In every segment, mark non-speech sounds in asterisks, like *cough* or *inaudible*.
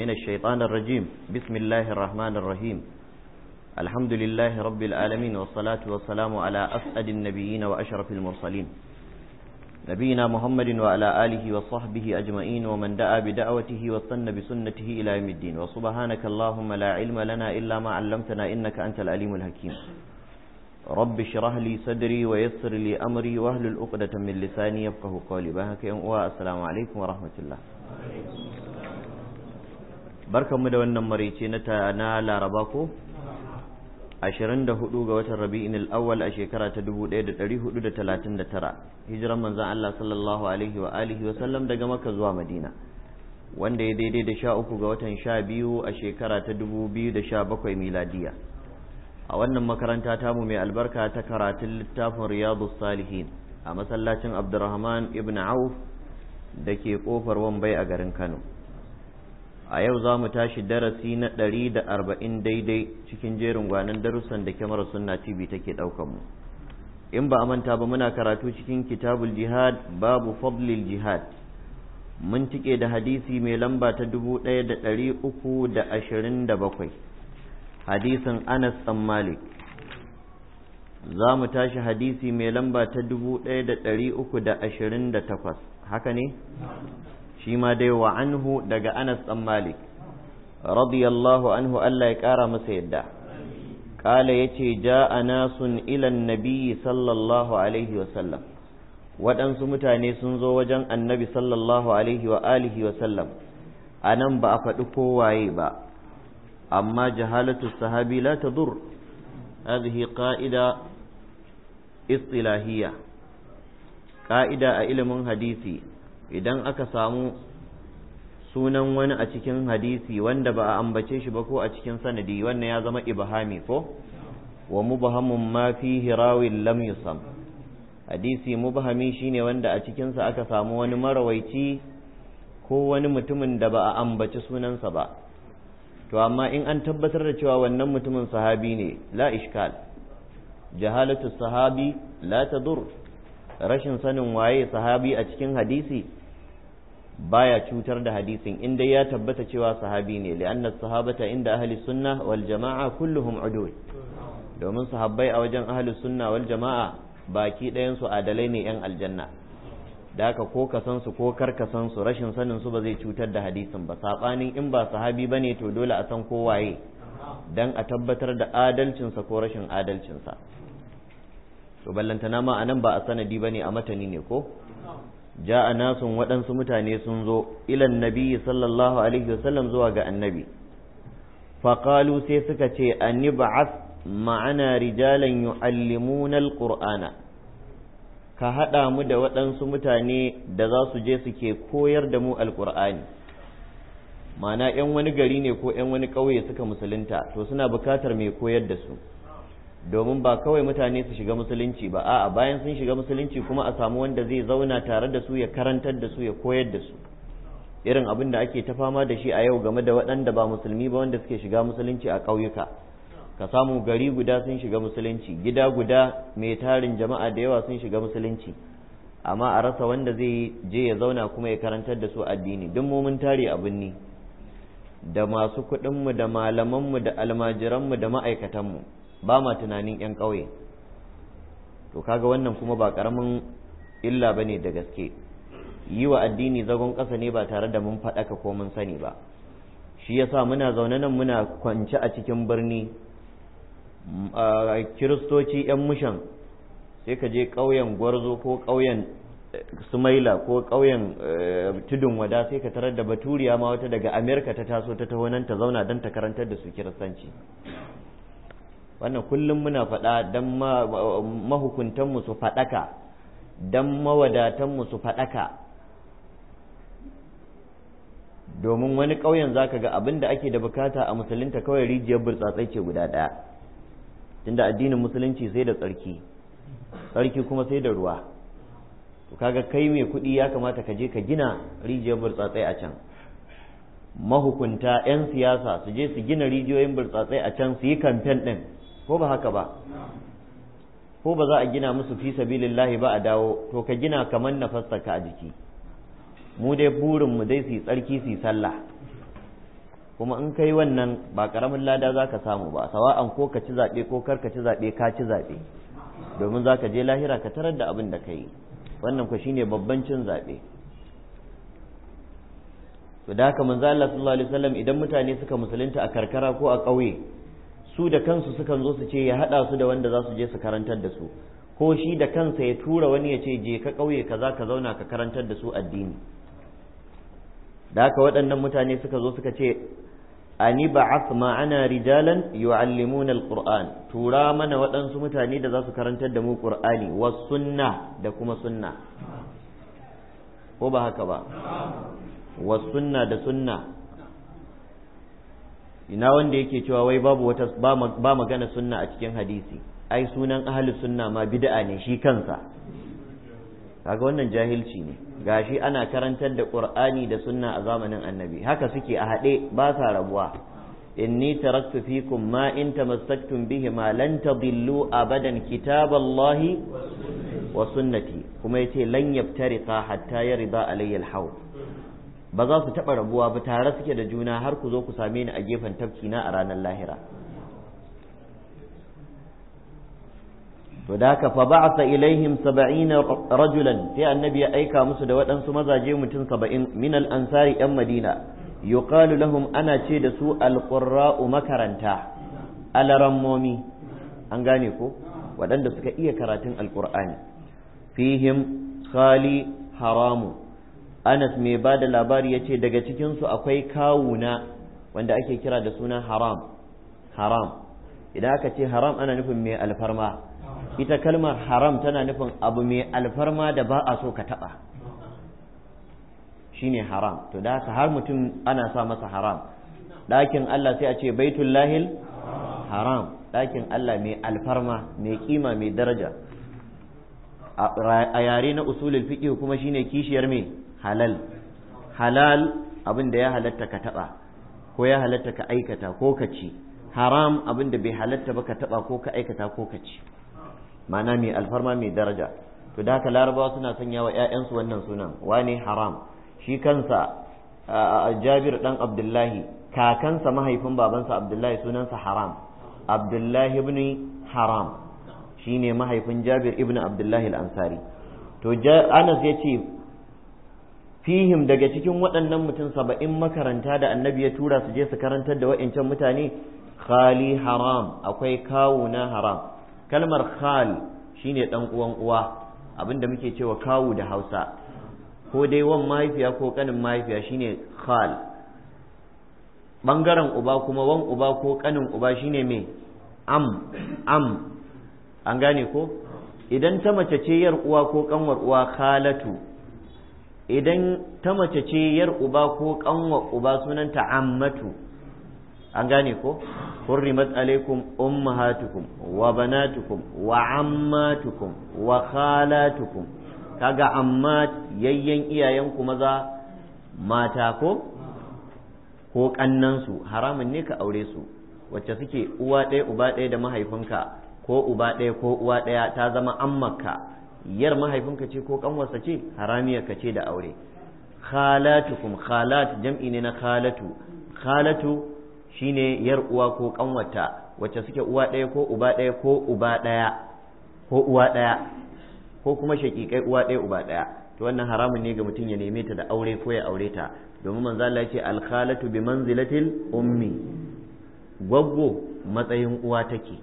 من الشيطان الرجيم بسم الله الرحمن الرحيم الحمد لله رب العالمين والصلاة والسلام على أسعد النبيين وأشرف المرسلين نبينا محمد وعلى آله وصحبه أجمعين ومن دعا بدعوته واستنى بسنته إلى يوم الدين وسبحانك اللهم لا علم لنا إلا ما علمتنا إنك أنت العليم الحكيم رب اشرح لي صدري ويسر لي أمري واهل الأقدة من لساني يفقه قولي بهك السلام عليكم ورحمة الله barkanmu da wannan marice na na laraba ko Ashirin da hudu ga watan rabi'in al-awwal a shekara ta dubu da tara hijiran manzon Allah sallallahu alaihi wa alihi wa sallam daga maka zuwa Madina wanda ya daidai da sha uku ga watan sha biyu a shekara ta dubu biyu da sha bakwai miladiya a wannan makaranta tamu mai albarka ta karatun littafin Riyadu Salihin a masallacin Abdurrahman ibn Auf da ke kofar Wambai a garin Kano a yau za mu tashi darasi na ɗari da arba'in daidai cikin jerin gwanin darussan da kyamar sunna tv take mu in ba a manta ba muna karatu cikin kitabul jihad babu fadlil jihad mun tike da hadisi mai lamba ta dubu ɗaya da ɗari uku da ashirin da bakwai hadisin anas ɗan malik za mu tashi hadisi mai lamba ta dubu ɗaya da ɗari uku da ashirin da takwas haka ne shi ma dai wa anhu daga Anas dan Malik radiyallahu anhu Allah ya kara masa yadda kala yace ja'a nasun ila annabi sallallahu alaihi wa sallam waɗansu mutane sun zo wajen annabi sallallahu alaihi wa alihi wa sallam a nan ba a faɗi kowaye ba amma jahalatu sahabi la tadur hadhihi qa'ida istilahiyya ƙa'ida a ilimin hadisi idan aka samu sunan wani a cikin hadisi wanda ba a ambace shi ba ko a cikin sanadi wannan ya zama ibhami ko wa mubhamun ma fihi rawin lam yusam hadisi mubhami shine wanda a cikinsa aka samu wani marawaici ko wani mutumin da ba a ambace sunansa ba to amma in an tabbatar da cewa wannan mutumin sahabi ne la ishkal jahalatu sahabi la tadur rashin sanin waye sahabi a cikin hadisi baya cutar da hadisin in dai ya tabbata cewa sahabi ne li'anna sahabata inda ahli sunna wal jama'a kulluhum udul domin sahabbai a wajen ahli sunna wal jama'a baki ɗayan su adalai ne yan aljanna da haka ko ka san su ko kar ka san su rashin sanin su ba zai cutar da hadisin ba sabanin in ba sahabi bane to dole a san ko waye dan a tabbatar da adalcinsa ko rashin adalcinsa to ballantana ma anan ba a sanadi bane a matani ne ko ja'a nasun waɗansu mutane sun zo ilan nabi sallallahu alaihi wasallam zuwa ga annabi faƙalu sai suka ce anni ba'as ma'ana rijalan yu'allimuna alqur'ana ka haɗa mu da waɗansu mutane da za su je suke koyar da mu alqur'ani ma'ana 'yan wani gari ne ko 'yan wani ƙauye suka musulunta to suna buƙatar mai koyar da su domin ba kawai mutane su shiga musulunci ba a'a bayan sun shiga musulunci kuma a samu wanda zai zauna tare da su ya karantar da su ya koyar da su irin abin da ake ta fama da shi a yau game da waɗanda ba musulmi ba wanda suke shiga musulunci a ƙauyuka ka samu gari guda sun shiga musulunci gida guda mai tarin jama'a da yawa sun shiga musulunci amma a rasa wanda zai je ya zauna kuma ya karantar da su addini duk mu mun tare a binni da masu kuɗinmu da malamanmu da almajiranmu da ma'aikatanmu ba ma tunanin 'yan ƙauye to kaga wannan kuma ba karamin illa ba da gaske yi wa addini zagon ƙasa ne ba tare da mun faɗaka ko mun sani ba shi yasa muna zaune nan muna kwance a cikin birni mm, kiristoci 'yan mushan sai ka je ƙauyen gwarzo ko ƙauyen eh, sumaila ko ƙauyen eh, tudun wada sai ka tarar da baturiya ma wata daga amerika ta taso ta taho nan ta zauna don ta karantar da su kiristanci wannan kullum muna faɗa don mahukuntanmu su faɗaka don mawadatanmu su faɗaka domin wani ƙauyen za ka ga abin da ake da bukata a musulunta kawai rijiyar burtsatsai ce guda ɗaya tunda addinin musulunci sai da tsarki tsarki kuma sai da ruwa to kaga kai mai kuɗi ya kamata ka je ka gina rijiyar burtsatsai a can mahukunta 'yan siyasa su je su gina rijiyoyin burtsatsai a can su yi kamfen ɗin ko ba haka ba ko ba za a gina musu fi sabilillahi ba a dawo to ka gina kamar na fassaka a jiki mu dai burin mu dai su tsarki su sallah kuma in kai wannan ba karamin lada za ka samu ba sawa'an ko ka ci zaɓe ko kar ka ci zaɓe ka ci zaɓe domin za ka je lahira ka tarar da abin da ka yi wannan ku shine babban cin zaɓe to da haka manzo Allah sallallahu alaihi wasallam idan mutane suka musulunta a karkara ko a ƙauye su da kansu sukan zo su ce ya haɗa su da wanda za su je su karantar da su ko shi da kansa ya tura wani ya ce je ka ƙauye kaza ka zauna ka karantar da su addini da haka waɗannan mutane suka zo suka ce ani ba asma ma'ana rijalan yu'allimuna alquran tura mana waɗansu mutane da za su karantar da mu qur'ani was sunna da kuma sunna ko ba haka ba was sunna da sunna ina wanda yake cewa wai babu wata ba magana sunna a cikin hadisi ai sunan ahli sunna ma bid'a ne shi kansa kaga wannan jahilci ne gashi ana karantar da qur'ani da sunna a zamanin annabi haka suke a haɗe ba sa rabuwa inni taraktu fikum ma in tamassaktum bihi ma lan tadillu abadan kitaballahi wa sunnati kuma yace lan yaftariqa hatta yarda alayya hau. ba za su taɓa rabuwa ba tare suke da juna har ku zo ku same ni a gefen tafki na a ranar lahira to da haka fa ba'sa ilaihim 70 rajulan sai annabi ya aika musu da waɗansu mazaje mutum 70 min al-ansari yan madina yuqalu lahum ana ce da su al-qurra'u makaranta alarammomi an gane ko waɗanda suka iya karatun alkur'ani fihim khali haramu anas mai ba da labari ya ce daga cikinsu akwai kawuna wanda ake kira da suna haram haram idan aka ce haram ana nufin mai alfarma ita kalmar haram tana nufin abu mai alfarma da ba a so ka taɓa shine haram to da haka har mutum ana sa masa haram ɗakin allah sai a ce baitul lahil haram ɗakin allah mai alfarma mai kima mai daraja a yare na usulul fiƙi kuma shine kishiyar mai halal halal abin da ya halatta ka taba ko ya halatta ka aikata ko ka ci haram abin da bai halatta ba ka taba ko ka aikata ko ka ci ma'ana mai alfarma mai daraja to da haka larabawa suna sanya wa ƴaƴansu wannan sunan wane haram shi kansa jabir dan abdullahi kakansa mahaifin babansa abdullahi sunansa haram abdullahi ibn haram shine mahaifin jabir ibn abdullahi al-ansari to anas ya ce fihim daga cikin waɗannan mutum saba'in makaranta da annabi ya tura su je su karantar da wa'incan mutane khali haram akwai kawu na haram kalmar khal shine dan uwan uwa abinda muke cewa kawu da hausa ko dai wan mahaifiya ko kanin mahaifiya shine khal bangaren uba kuma wan uba ko kanin uba shine me am am an gane ko idan ta mace ce yar uwa ko kanwar uwa khalatu idan ta mace ce yar uba ko kanwa uba sunanta ammatu an gane ko hurrimat alaikum ummahatukum wa banatukum wa ammatukum wa khalatukum kaga ammat yayyen iyayenku maza mata ko ko kannansu haramun ne ka aure su wacce suke uwa ɗaya uba ɗaya da mahaifinka ko uba ɗaya ko uwa ɗaya ta zama ammaka yar mahaifinka ce ko kanwarsa ce haramiya ka ce da aure khalatukum khalat jam'i ne na khalatu khalatu shine yar uwa ko kanwata wacce suke uwa ɗaya ko uba ɗaya ko uba ɗaya ko uwa ɗaya ko kuma shakikai uwa ɗaya uba ɗaya to wannan haramun ne ga mutum ya neme ta da aure ko ya aure ta domin manzo Allah al khalatu bi manzilatil ummi gwaggo matsayin uwa take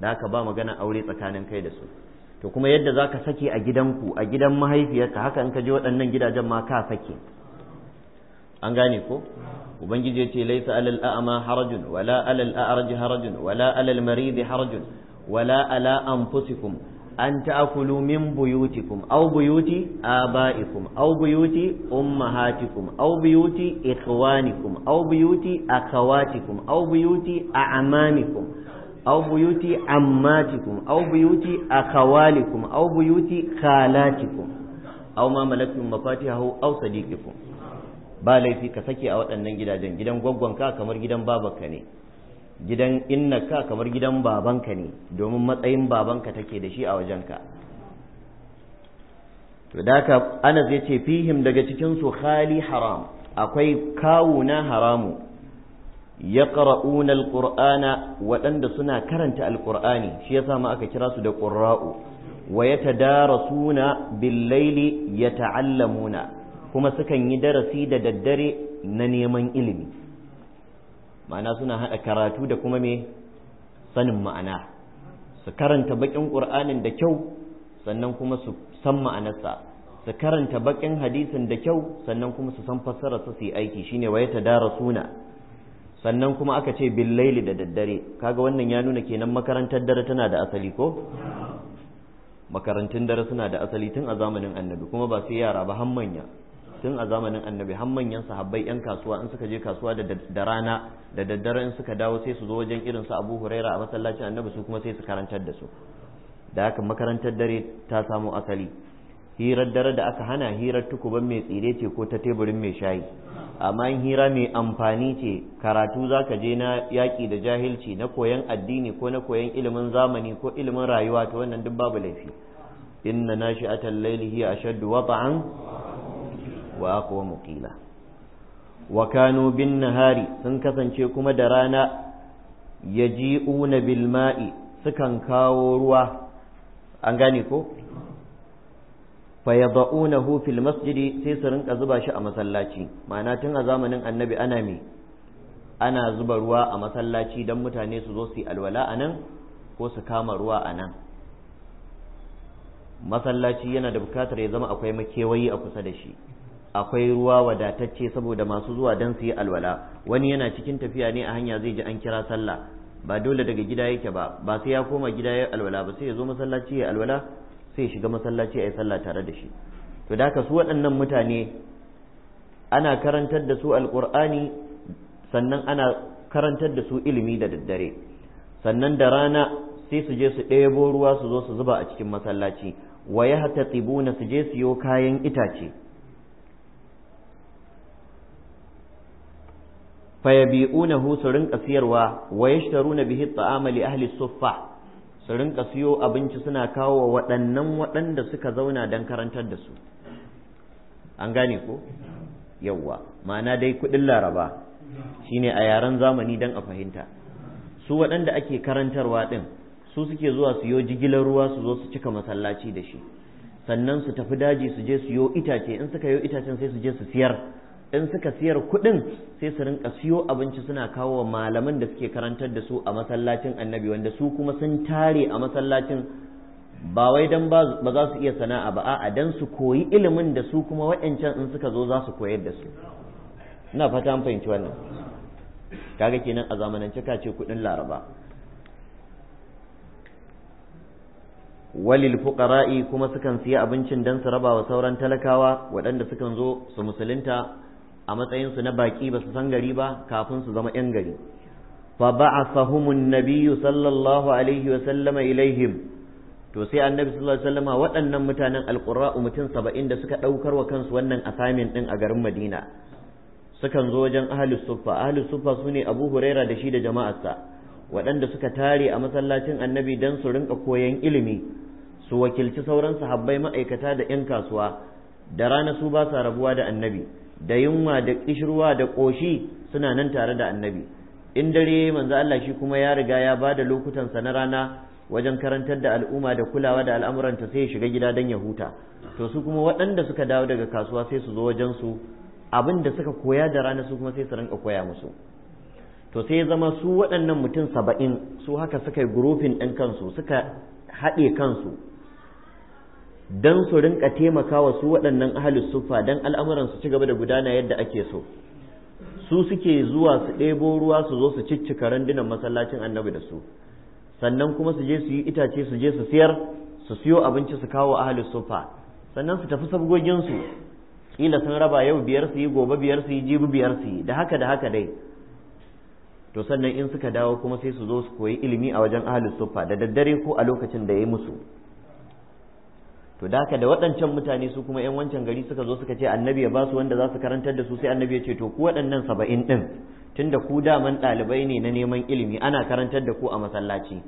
da ka ba magana aure tsakanin kai da su to kuma yadda za ka sake a gidanku a gidan mahaifiyarka haka in ka je waɗannan gidajen ma ka sake an gane ko ubangiji ya ce laisa alal a'ma harajun wala alal a'raj harajun wala alal marid harajun wala ala anfusikum an ta'kulu min buyutikum aw buyuti abaikum aw buyuti ummahatikum aw buyuti ikhwanikum aw buyuti akhawatikum aw buyuti a'mamikum aw buyuti ammatikum aw buyuti akhawalikum aw buyuti khalatikum aw ma malakum mafatihahu aw sadiqikum ba laifi ka sake a waɗannan gidajen gidan ka kamar gidan babanka ne gidan innaka kamar gidan babanka ne domin matsayin babanka take da shi a wajenka to da haka anas ce fihim daga cikin su khali haram akwai kawuna haramu yaqra'una alqur'ana waɗanda suna karanta alqur'ani shi yasa ma aka kira su da qurra'u wa yatadarasuna bil layli yata'allamuna kuma sukan yi darasi da daddare na neman ilimi ma'ana suna haɗa karatu da kuma me sanin ma'ana su karanta bakin qur'anin da kyau sannan kuma su san ma'anarsa su karanta bakin hadisin da kyau sannan kuma su san fassararsa su yi aiki shine wa yatadarasuna sannan kuma aka ce billaili da daddare kaga wannan ya nuna kenan makarantar dare tana da asali ko makarantun dare suna da asali tun a zamanin annabi kuma ba sai yara ba Hammanya tun a zamanin annabi hammanyan manyan sahabbai yan kasuwa in suka je kasuwa da rana da daddare in suka dawo sai su zo wajen irin su Abu Huraira a masallacin annabi su kuma sai su karantar da su da haka makarantar dare ta samo asali hirar dare da aka hana hirar tukuban mai tsire ce ko ta teburin mai shayi amma in hira mai amfani ce karatu za ka je na yaƙi da jahilci na koyan addini ko na koyan ilimin zamani ko ilimin rayuwa ta wannan duk babu laifi inna nashi'atal laili hiya ashaddu wata'an wa aqwa muqila wa kano bin nahari sun kasance kuma da rana ya ji Una Bilma'i sukan kawo ruwa an gane ko fa yad'unahu fil masjidi sai su rinka zuba shi a masallaci ma'ana tun a zamanin annabi ana me ana zuba ruwa a masallaci don mutane su zo su yi alwala a nan ko su kama ruwa a nan masallaci yana da bukatar ya zama akwai makewayi a kusa da shi akwai ruwa wadatacce saboda masu zuwa don su yi alwala wani yana cikin tafiya ne a hanya zai ji an kira sallah ba dole daga gida yake ba ba sai ya koma gida ya alwala ba sai ya zo masallaci ya alwala sai shiga masallaci a yi sallah tare da shi to da su waɗannan mutane ana karantar da su alƙur'ani sannan ana karantar da su ilimi da daddare sannan da rana sai su je su ɗebo ruwa su zo su zuba a cikin masallaci wa ya na su je siyo kayan itace fayabi'unahu su rinka siyarwa wa yashtaruna bihi ta'ama li ahli suffa su rinka siyo abinci suna kawo wa waɗannan waɗanda suka zauna don karantar da su an gane ko yawwa ma'ana dai kuɗin laraba shine a yaren zamani don a fahimta su waɗanda ake karantarwa ɗin su suke zuwa siyo jigilar ruwa su zo su cika masallaci da shi sannan su tafi daji su je su yo itace in suka yo itacen sai su je su siyar in suka siyar kuɗin sai su rinka siyo abinci suna kawo wa malaman da suke karantar da su a masallacin annabi wanda su kuma sun tare a masallacin ba wai dan ba za su iya sana'a ba a'a dan su koyi ilimin da su kuma waɗancan in suka zo za su koyar da su ina fata an fahimci wannan kaga kenan a zamanance ka ce kuɗin laraba walil fuqara'i kuma sukan siya abincin dan su raba wa sauran talakawa waɗanda sukan zo su musulunta a matsayinsu na baƙi ba su san gari ba kafin su zama 'yan gari fa ba'athahumun nabiyu, sallallahu alaihi wa sallama ilaihim to sai annabi sallallahu alaihi sallama waɗannan mutanen alqura'u mutum saba'in da suka ɗaukar wa kansu wannan asamin ɗin a garin Madina sukan zo wajen ahli suffa ahli suffa sune Abu Huraira da shi da jama'arsa waɗanda suka tare a masallacin annabi dan su rinka koyan ilimi su wakilci sauran sahabbai ma'aikata da 'yan kasuwa da rana su ba sa rabuwa da annabi da yunwa da kishirwa da ƙoshi suna nan tare da annabi in dare manzo Allah shi kuma ya riga ya ba da sa na rana wajen karantar da al'umma da kulawa da al'amuranta sai ya shiga gida dan ya huta to su kuma waɗanda suka dawo daga kasuwa sai su zo wajen su abin da suka koya da rana su kuma sai su rinka koya musu to sai ya zama su waɗannan mutum saba'in su haka suka yi gurufin ɗin kansu suka haɗe kansu don su rinka taimakawa su waɗannan ahalus sufa don al'amuran su ci gaba da gudana yadda ake so su suke zuwa su ɗebo ruwa su zo su ciccika randunan masallacin annabi da su sannan kuma su je su yi itace su je su siyar su siyo abinci su kawo ahalus sufa sannan su tafi sabgoginsu kila sun raba yau biyar su yi gobe biyar su yi jibi biyar su yi da haka da haka dai to sannan in suka dawo kuma sai su zo su koyi ilimi a wajen ahalus sufa da daddare ko a lokacin da ya yi musu to da haka da waɗancan mutane su kuma yan wancan gari suka zo suka ce annabi ya ba su wanda za su karantar da su sai annabi ya ce to ku waɗannan saba'in ɗin tunda ku daman ɗalibai ne na neman ilimi ana karantar da ku a masallaci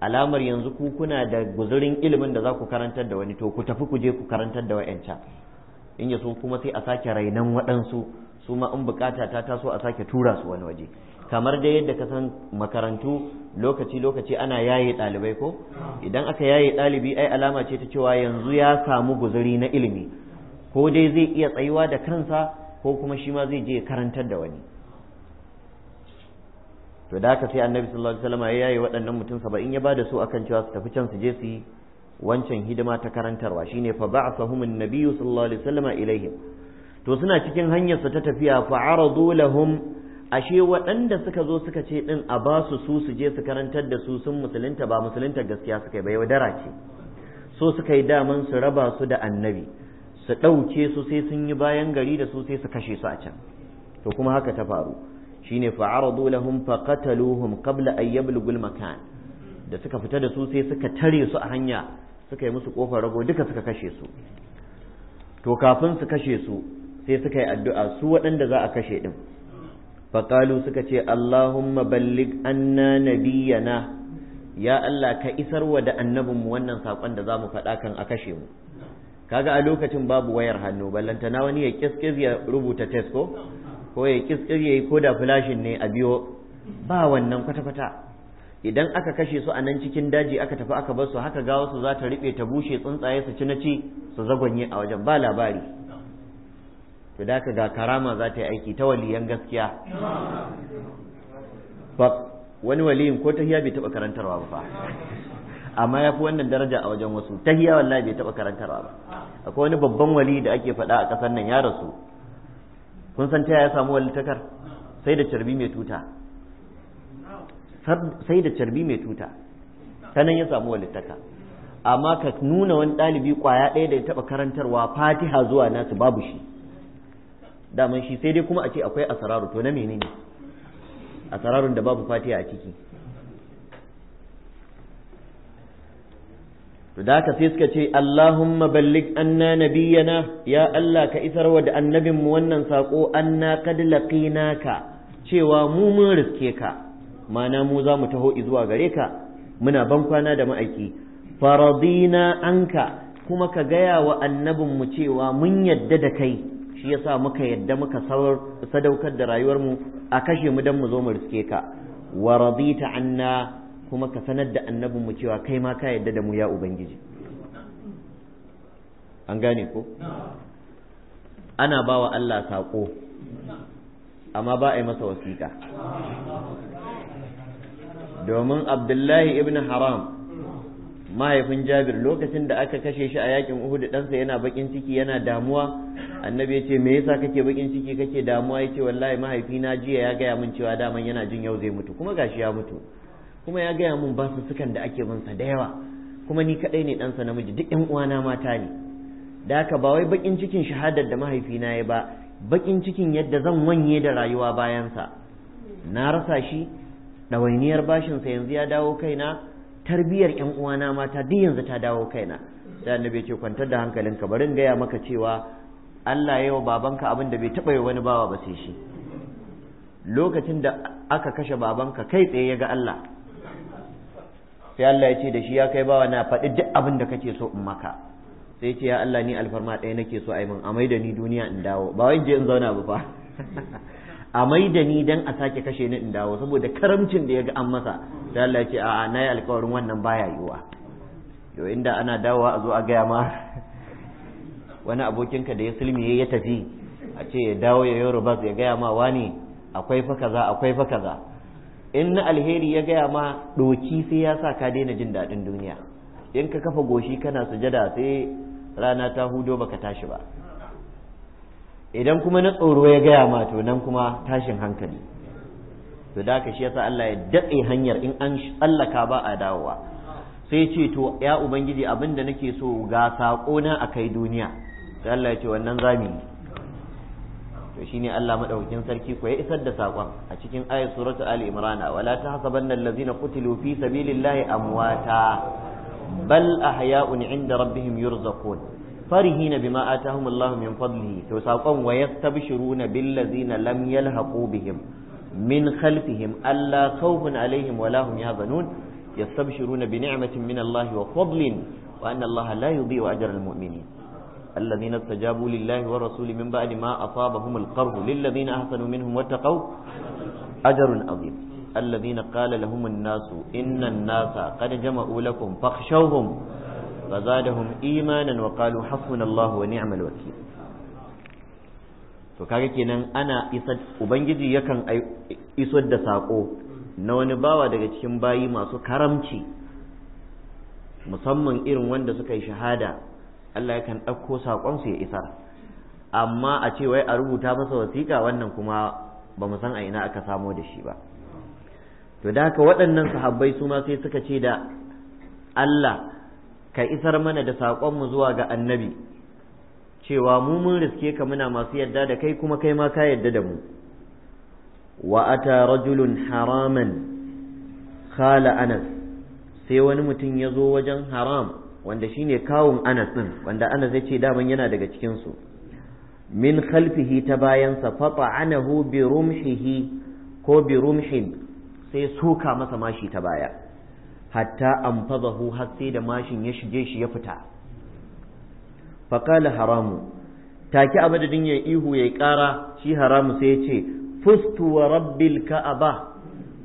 alamar yanzu ku kuna da guzurin ilimin da za ku karantar da wani to ku tafi ku je ku karantar da wa'yancan in ya so kuma sai a sake rainan waɗansu su ma in bukata ta taso a sake tura su wani waje kamar dai yadda ka san makarantu lokaci lokaci ana yaye ɗalibai ko idan aka yaye ɗalibi ai alama ce ta cewa yanzu ya samu guzuri na ilimi ko dai zai iya tsayuwa da kansa ko kuma shi ma zai je karantar da wani to da aka sai annabi sallallahu alaihi wasallam ya yaye waɗannan mutum saba'in ya bada su akan cewa su tafi can su je su yi wancan hidima ta karantarwa shine fa ba'athahum an-nabiyyu sallallahu alaihi wasallam ilaihim to suna cikin hanyar sa ta tafiya fa aradu lahum ashe waɗanda suka zo suka ce ɗin a ba su su su je su karantar da su sun musulunta ba musulunta gaskiya suka yi ba wadara ce so suka yi daman su raba su da annabi su ɗauke su sai sun yi bayan gari da su sai su kashe su a can to kuma haka ta faru shine fa'aradu lahum faqataluhum qabla an yablughu makan da suka fita da su sai suka tare su a hanya suka yi musu kofar rago duka suka kashe su to kafin su kashe su sai suka yi addu'a su waɗanda za a kashe din faƙalu suka ce Allahumma ballig anna nabiyyana ya Allah ka isarwa da annabinmu wannan saƙon da za mu faɗa kan a kashe mu Ka ga a lokacin babu wayar hannu ballantana wani ya kiskir ya rubuta test ko ya kiskir ya yi ko da flashin ne a biyo ba wannan kwata idan aka kashe su a nan cikin daji aka tafi aka bar haka gawa su za ta riɓe ta bushe tsuntsaye su ci na ci su zagonye a wajen ba labari to da ka ga karama za ta yi aiki ta waliyan gaskiya ba wani waliyin ko tahiya bai taba karantarwa ba fa amma ya fi wannan daraja a wajen wasu tahiya wallahi bai taba karantarwa ba akwai wani babban wali da ake faɗa a ƙasar nan ya rasu kun san taya ya samu walitakar sai da carbi mai tuta sai da carbi mai tuta ta nan ya samu walittaka amma ka nuna wani ɗalibi ƙwaya ɗaya da ya taɓa karantarwa fatiha zuwa nasu babu shi daman shi sai dai kuma a ce akwai asararu to na menene asararun da babu fatiya a ciki to da haka sai suka ce Allahumma ballig anna nabiyyana ya Allah ka isar wa da annabin mu wannan sako anna kad laqinaka cewa mu mun riske ka mana mu za mu taho zuwa gare ka muna ban kwana da ma'aiki faradina anka kuma ka gaya wa annabin mu cewa mun yadda da kai shi yasa muka yadda muka sadaukar da rayuwarmu a kashe mu don mu zo mu riske ka wa radita anna kuma ka sanar da annabin mu cewa kai ma ka yadda da mu ya ubangiji an gane ko ana bawa Allah saƙo amma ba a yi masa wasiƙa domin abdullahi ibn haram mahaifin jabir lokacin da aka kashe shi a yakin uhud ɗansa yana bakin ciki yana damuwa annabi ya ce me yasa kake bakin ciki kake damuwa ya ce wallahi mahaifina jiya ya gaya min cewa daman yana jin yau zai mutu kuma gashi ya mutu kuma ya gaya min basu sukan da ake binsa da yawa kuma ni kadai ne ɗansa namiji duk ƴan uwana mata ne da haka ba wai bakin cikin shahadar da mahaifina ya ba bakin cikin yadda zan wanye da rayuwa bayansa na rasa shi ɗawainiyar bashinsa yanzu ya dawo kaina tarbiyar ƴan uwana mata duk yanzu ta dawo kaina sai annabi ce kwantar da hankalinka barin gaya maka cewa Allah ya wa babanka abin da bai taba yi wani bawa ba sai shi lokacin da aka kashe babanka kai tsaye ya ga Allah sai Allah ya ce da shi ya kai bawa na faɗi duk abin da kake so in maka sai ce ya Allah ni alfarma ɗaya nake so a yi min a da ni duniya in dawo ba wai je in zauna ba fa *laughs* a da ni dan a sake kashe ni in dawo saboda karamcin da ya ga an masa da Allah ce a'a na yi alkawarin wannan baya yiwa to inda ana dawowa a zo a gaya ma *laughs* wani abokinka da ya sulmi ya tafi a ce ya dawo ya yi rubas ya gaya ma wani akwai fa kaza akwai fa kaza in na alheri ya gaya ma doki sai ya sa ka daina jin daɗin duniya in ka kafa goshi kana sujada sai rana ta hudo baka tashi ba idan kuma na tsoro ya gaya ma to nan kuma tashin hankali to da ka shi yasa Allah ya datse hanyar in an tsallaka ba a dawowa sai ce to ya ubangiji abin da nake so ga saƙo na a kai duniya sai Allah ya ce wannan zami to shine Allah madaukakin sarki ko ya isar da sakon a cikin ayat suratu ali imran wala tahsabanna allazina qutilu fi sabilillahi amwata bal ahya'un 'inda rabbihim yurzaqun farihina na atahum Allah min fadlihi to sakon wa na bil ladzina lam yalhaqu bihim min khalfihim alla khawfun alaihim wala hum yahzanun yastabshiruna bi ni'matin min Allah wa fadlin wa anna Allah la yudhi'u ajra al الذين استجابوا لله والرسول من بعد ما أصابهم القرح للذين أحسنوا منهم واتقوا أجر عظيم الذين قال لهم الناس إن الناس قد جمعوا لكم فاخشوهم فزادهم إيمانا وقالوا حسبنا الله ونعم الوكيل to kaga kenan ana isar ubangiji yakan isar da sako na wani bawa daga cikin bayi masu karamci musamman irin wanda suka yi shahada Allah yakan ɗauko su ya isa amma a ce wai a rubuta masa wasiƙa wannan kuma ba mu san a ina aka samo da shi ba to da haka waɗannan sahabbai su ma sai suka ce da Allah ka isar mana da saƙonmu zuwa ga annabi cewa mu mun riske ka muna masu yadda da kai kuma kai ma ka yadda da mu wa ata rajulun haraman khala anas sai wani mutum ya zo wajen haram wanda shine kawun anas din wanda anas ya ce daman yana daga cikin su min khalfihi ta bayansa anahu bi rumhihi ko bi rumhin sai suka masa mashi ta baya hatta an anfadahu har sai da mashin ya shige shi ya fita faqala haramu taki a madadin ya ihu ya kara shi haramu sai ya ce fustu wa rabbil ka'aba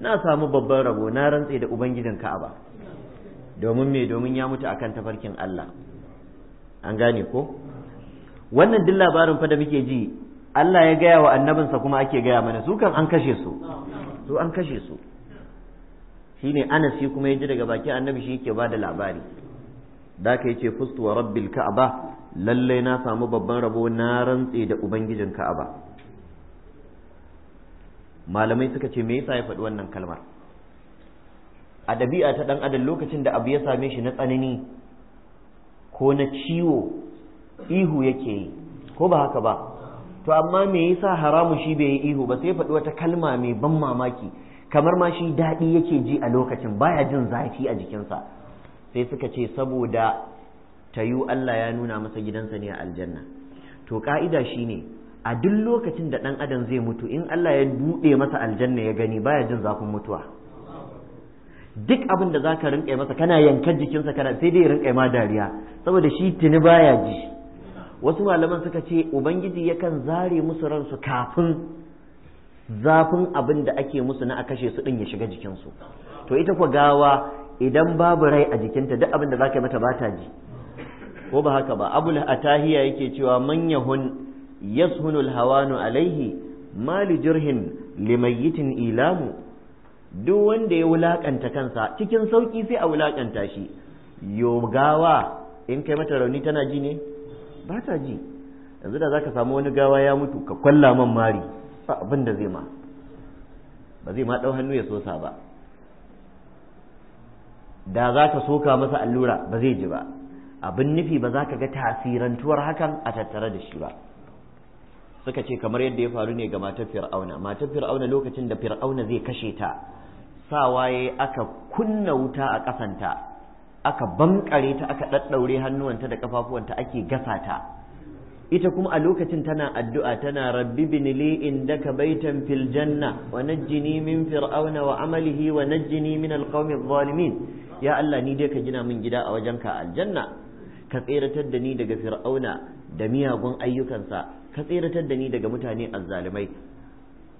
na samu babban rabo na rantse da ubangijin ka'aba domin me domin ya mutu akan tafarkin Allah an gane ko wannan duk labarin fa da muke ji Allah ya gaya wa annabinsa kuma ake gaya mana su kan an kashe su su an kashe su Shi ne shi kuma ji daga baki annabi shi yake bada labari da ka yace fustu wa rabbil ka'aba lalle na samu babban rabo na rantse da ubangijin ka'aba malamai suka ce me yasa ya faɗi wannan kalmar a dabi'a ta ɗan adam lokacin da abu ya same shi na tsanani ko na ciwo ihu yake yi ko ba haka ba to amma me yasa haramu shi bai yi ihu ba sai faɗi wata kalma mai ban mamaki kamar ma shi daɗi yake ji a lokacin baya jin zafi a jikinsa sai suka ce saboda tayu Allah ya nuna masa gidansa ne a aljanna to ka'ida ne, a duk lokacin da ɗan adam zai mutu in Allah ya buɗe masa aljanna ya gani baya jin zafin mutuwa duk abin da za ka rinƙa masa kana yankan jikinsa kana sai dai rinƙa ma dariya saboda shi tuni baya ji wasu malaman suka ce ubangiji yakan zare musu ransu kafin zafin abin da ake musu na a kashe su ɗin ya shiga jikinsu to ita kwa gawa idan babu rai a jikinta duk abin da za ka yi mata ba ta ji ko ba haka ba abul atahiya yake cewa man yahun yashunul hawanu alaihi mali jirhin limayyitin ilamu duk wanda ya wulakanta kansa cikin sauki sai a wulakanta shi yo gawa in kai mata rauni tana ji ne ba ta ji yanzu da za ka samu wani gawa ya mutu ka kwalla man mari ba abin da zai ma ba zai ma ɗau hannu ya sosa ba da za ka soka masa allura ba zai ji ba abin nufi ba za ka ga tasirantuwar hakan a tattare da shi ba suka ce kamar yadda ya faru ne ga matar fir'auna matar fir'auna lokacin da fir'auna zai kashe ta sa waye aka kunna wuta a ƙasanta aka bankare ta aka ɗaɗɗaure hannuwanta da ƙafafuwanta ake gasa ta ita kuma a lokacin tana addu'a tana rabbi binili indaka baitan fil janna wa najjini min fir'auna wa amalihi wa najjini min alqawmi adh ya Allah ni dai ka gina min gida a wajenka aljanna ka tseratar da ni daga fir'auna da miyagun ayyukansa ka tseratar da ni daga mutane azzalimai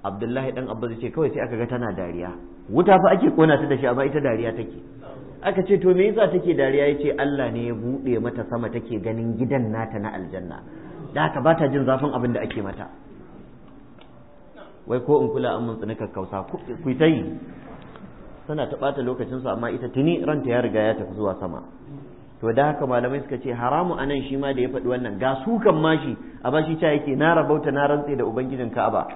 Abdullahi dan Abbas ce kawai sai aka ga tana dariya wuta fa ake kona ta da shi amma ita dariya take aka ce to me yasa take dariya yace Allah ne ya buɗe mata sama take ganin gidan nata na aljanna da haka ba ta jin zafin abin da ake mata wai ko in kula an mun tsini kakkausa ku ta yi suna ta ɓata lokacinsu amma ita tuni ranta ya riga ya tafi zuwa sama to da haka malamai suka ce haramu anan shi ma da ya faɗi wannan ga su kan mashi a bashi ta yake na rabauta na rantse da ubangijin ka'aba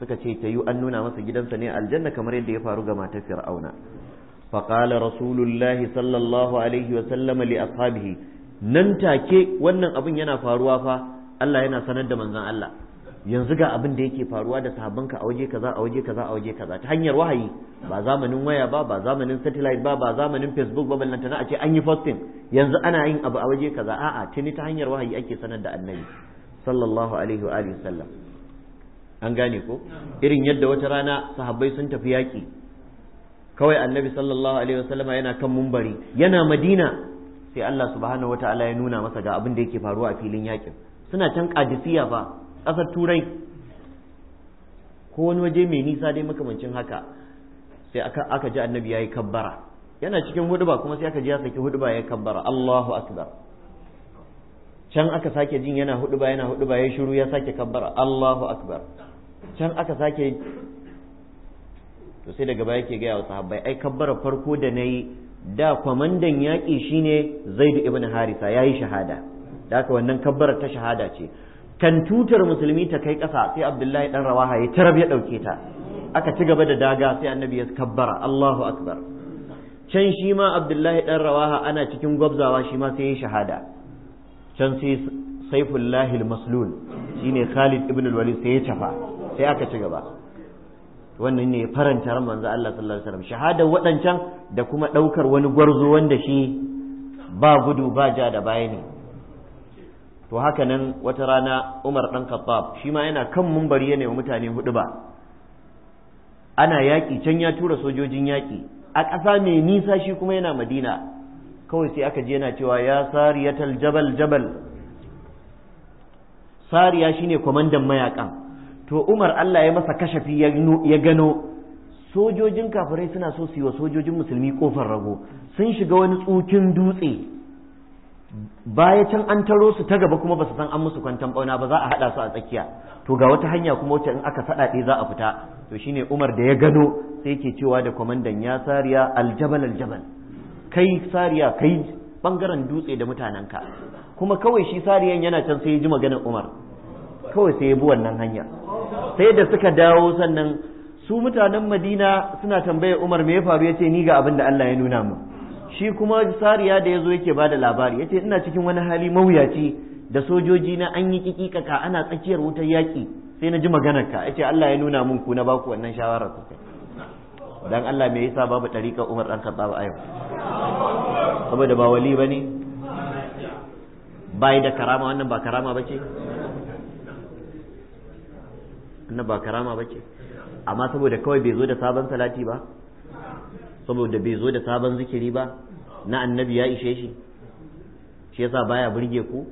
suka ce ta yi an nuna masa gidansa ne aljanna kamar yadda ya faru ga matar fir'auna فقال رسول الله صلى الله عليه وسلم لأصحابه nan take wannan abin yana faruwa fa Allah yana sanar da manzan Allah yanzu ga abin da yake faruwa da sahabbanka a waje kaza a waje kaza a waje kaza ta hanyar wahayi ba zamanin waya ba ba zamanin satellite ba ba zamanin facebook ba ballanta na a ce an yi posting yanzu ana yin abu a waje kaza a'a tuni ta hanyar wahayi ake sanar da annabi sallallahu alaihi wa alihi sallam an gane ko irin yadda wata rana sahabbai sun tafi yaki kawai annabi sallallahu alaihi wa sallama yana kan mumbari yana madina sai Allah subhanahu wataala ya nuna masa ga abin da yake faruwa a filin yakin suna can kadisiya ba ƙasar turai ko wani waje mai nisa dai makamancin haka sai aka ji annabi ya yi kabbara yana cikin huduba kuma sai aka ji ya saki huduba ya yi kabbara Allahu akbar can aka sake jin yana huduba yana huduba ya shiru ya sake kabbara Allahu akbar can aka sake to sai daga baya yake gaya wa sahabbai ai kabbara farko da na yi da kwamandan yaƙi shine zaidu ibn Harisa ya yi shahada da haka wannan kabbarar ta shahada ce kan tutar musulmi ta kai ƙasa sai abdullahi dan rawaha ya tarab ya ɗauke ta aka ci gaba da daga sai annabi ya kabbara allahu akbar can shi ma abdullahi dan rawaha ana cikin gwabzawa shi ma sai ya shahada can sai saifullahi maslul shine khalid ibn walid sai ya tafa, sai aka ci gaba wannan ne faranta ran manzo Allah sallallahu alaihi wasallam Shahada waɗancan da kuma ɗaukar wani gwarzo wanda shi ba gudu ba ja da baya ne to haka nan wata rana Umar dan Khattab shi ma yana kan mumbari yana wa mutane hudu ba ana yaƙi can ya tura sojojin yaƙi a ƙasa mai nisa shi kuma yana Madina kawai sai aka je yana cewa ya sariyatal jabal jabal sariya shine kwamandan mayakan to Umar Allah ya masa kashafi ya gano sojojin kafirai suna so su yi wa sojojin musulmi kofar rago sun shiga wani tsukin dutse baya can an taro su ta gaba kuma ba su san an musu kwantan bauna ba za a haɗa su a tsakiya to ga wata hanya kuma wacce in aka saɗaɗe za a fita to shine umar da ya gano sai yake cewa da kwamandan ya sariya aljabal aljabal kai sariya kai bangaren dutse da mutanenka kuma kawai shi sariyan yana can sai ya ji maganar umar kawai sai ya bi wannan hanya sai da suka dawo sannan su mutanen madina suna tambayar umar me ya faru ya ce ni ga abin da allah ya nuna mu shi kuma sariya da ya zo yake ba da labari ya ce ina cikin wani hali mawuyaci da sojoji na an yi kikikaka ana tsakiyar wutar yaƙi sai na ji maganar ka ya ce Allah ya nuna mun ku na baku wannan shawara ku dan Allah me yasa babu ɗariƙa Umar dan Khattab a yau saboda ba wali bane bai da karama wannan ba karama bace wannan ba karama bace amma saboda kawai bai zo da sabon salati ba saboda bai zo da sabon zikiri ba na annabi ya ishe shi shi yasa baya burge ku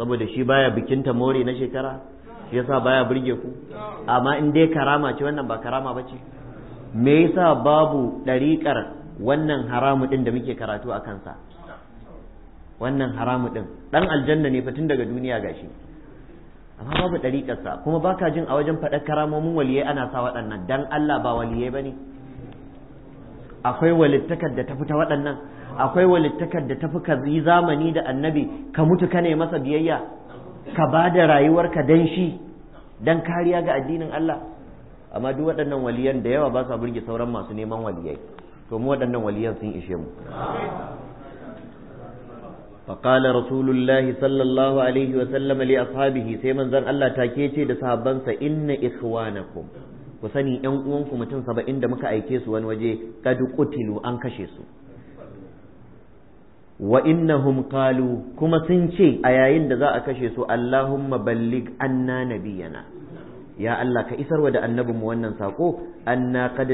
saboda shi baya bikin ta more na shekara shi yasa baya burge ku amma in dai karama ce wannan ba karama ba ce me yasa babu ɗariƙar wannan haramu ɗin da muke karatu a kansa wannan haramu ɗin ɗan aljanna ne fitin daga duniya gashi amma babu ɗariƙarsa kuma baka jin a wajen faɗar karamomin waliyai ana sa waɗannan dan Allah ba waliyai ba ne akwai walittakar da fi ta waɗannan akwai walittakar da ta fi ka yi zamani da annabi ka mutu ka ne masa biyayya ka ba da rayuwarka don shi don kariya ga addinin Allah amma duk waɗannan waliyan da yawa ba sa burge sauran masu neman waliyai to mu waɗannan waliyan sun ishe mu فقال رسول الله صلى الله عليه وسلم لأصحابه سيمن زن الله تاكيتي دسها إن إخوانكم ku sani yan uwanku mutum saba'in da muka aike su wani waje kad qutilu an kashe su wa innahum qalu kuma sun ce a yayin da za a kashe su Allahumma ballig anna nabiyana ya Allah ka isarwa da annabinmu wannan sako anna qad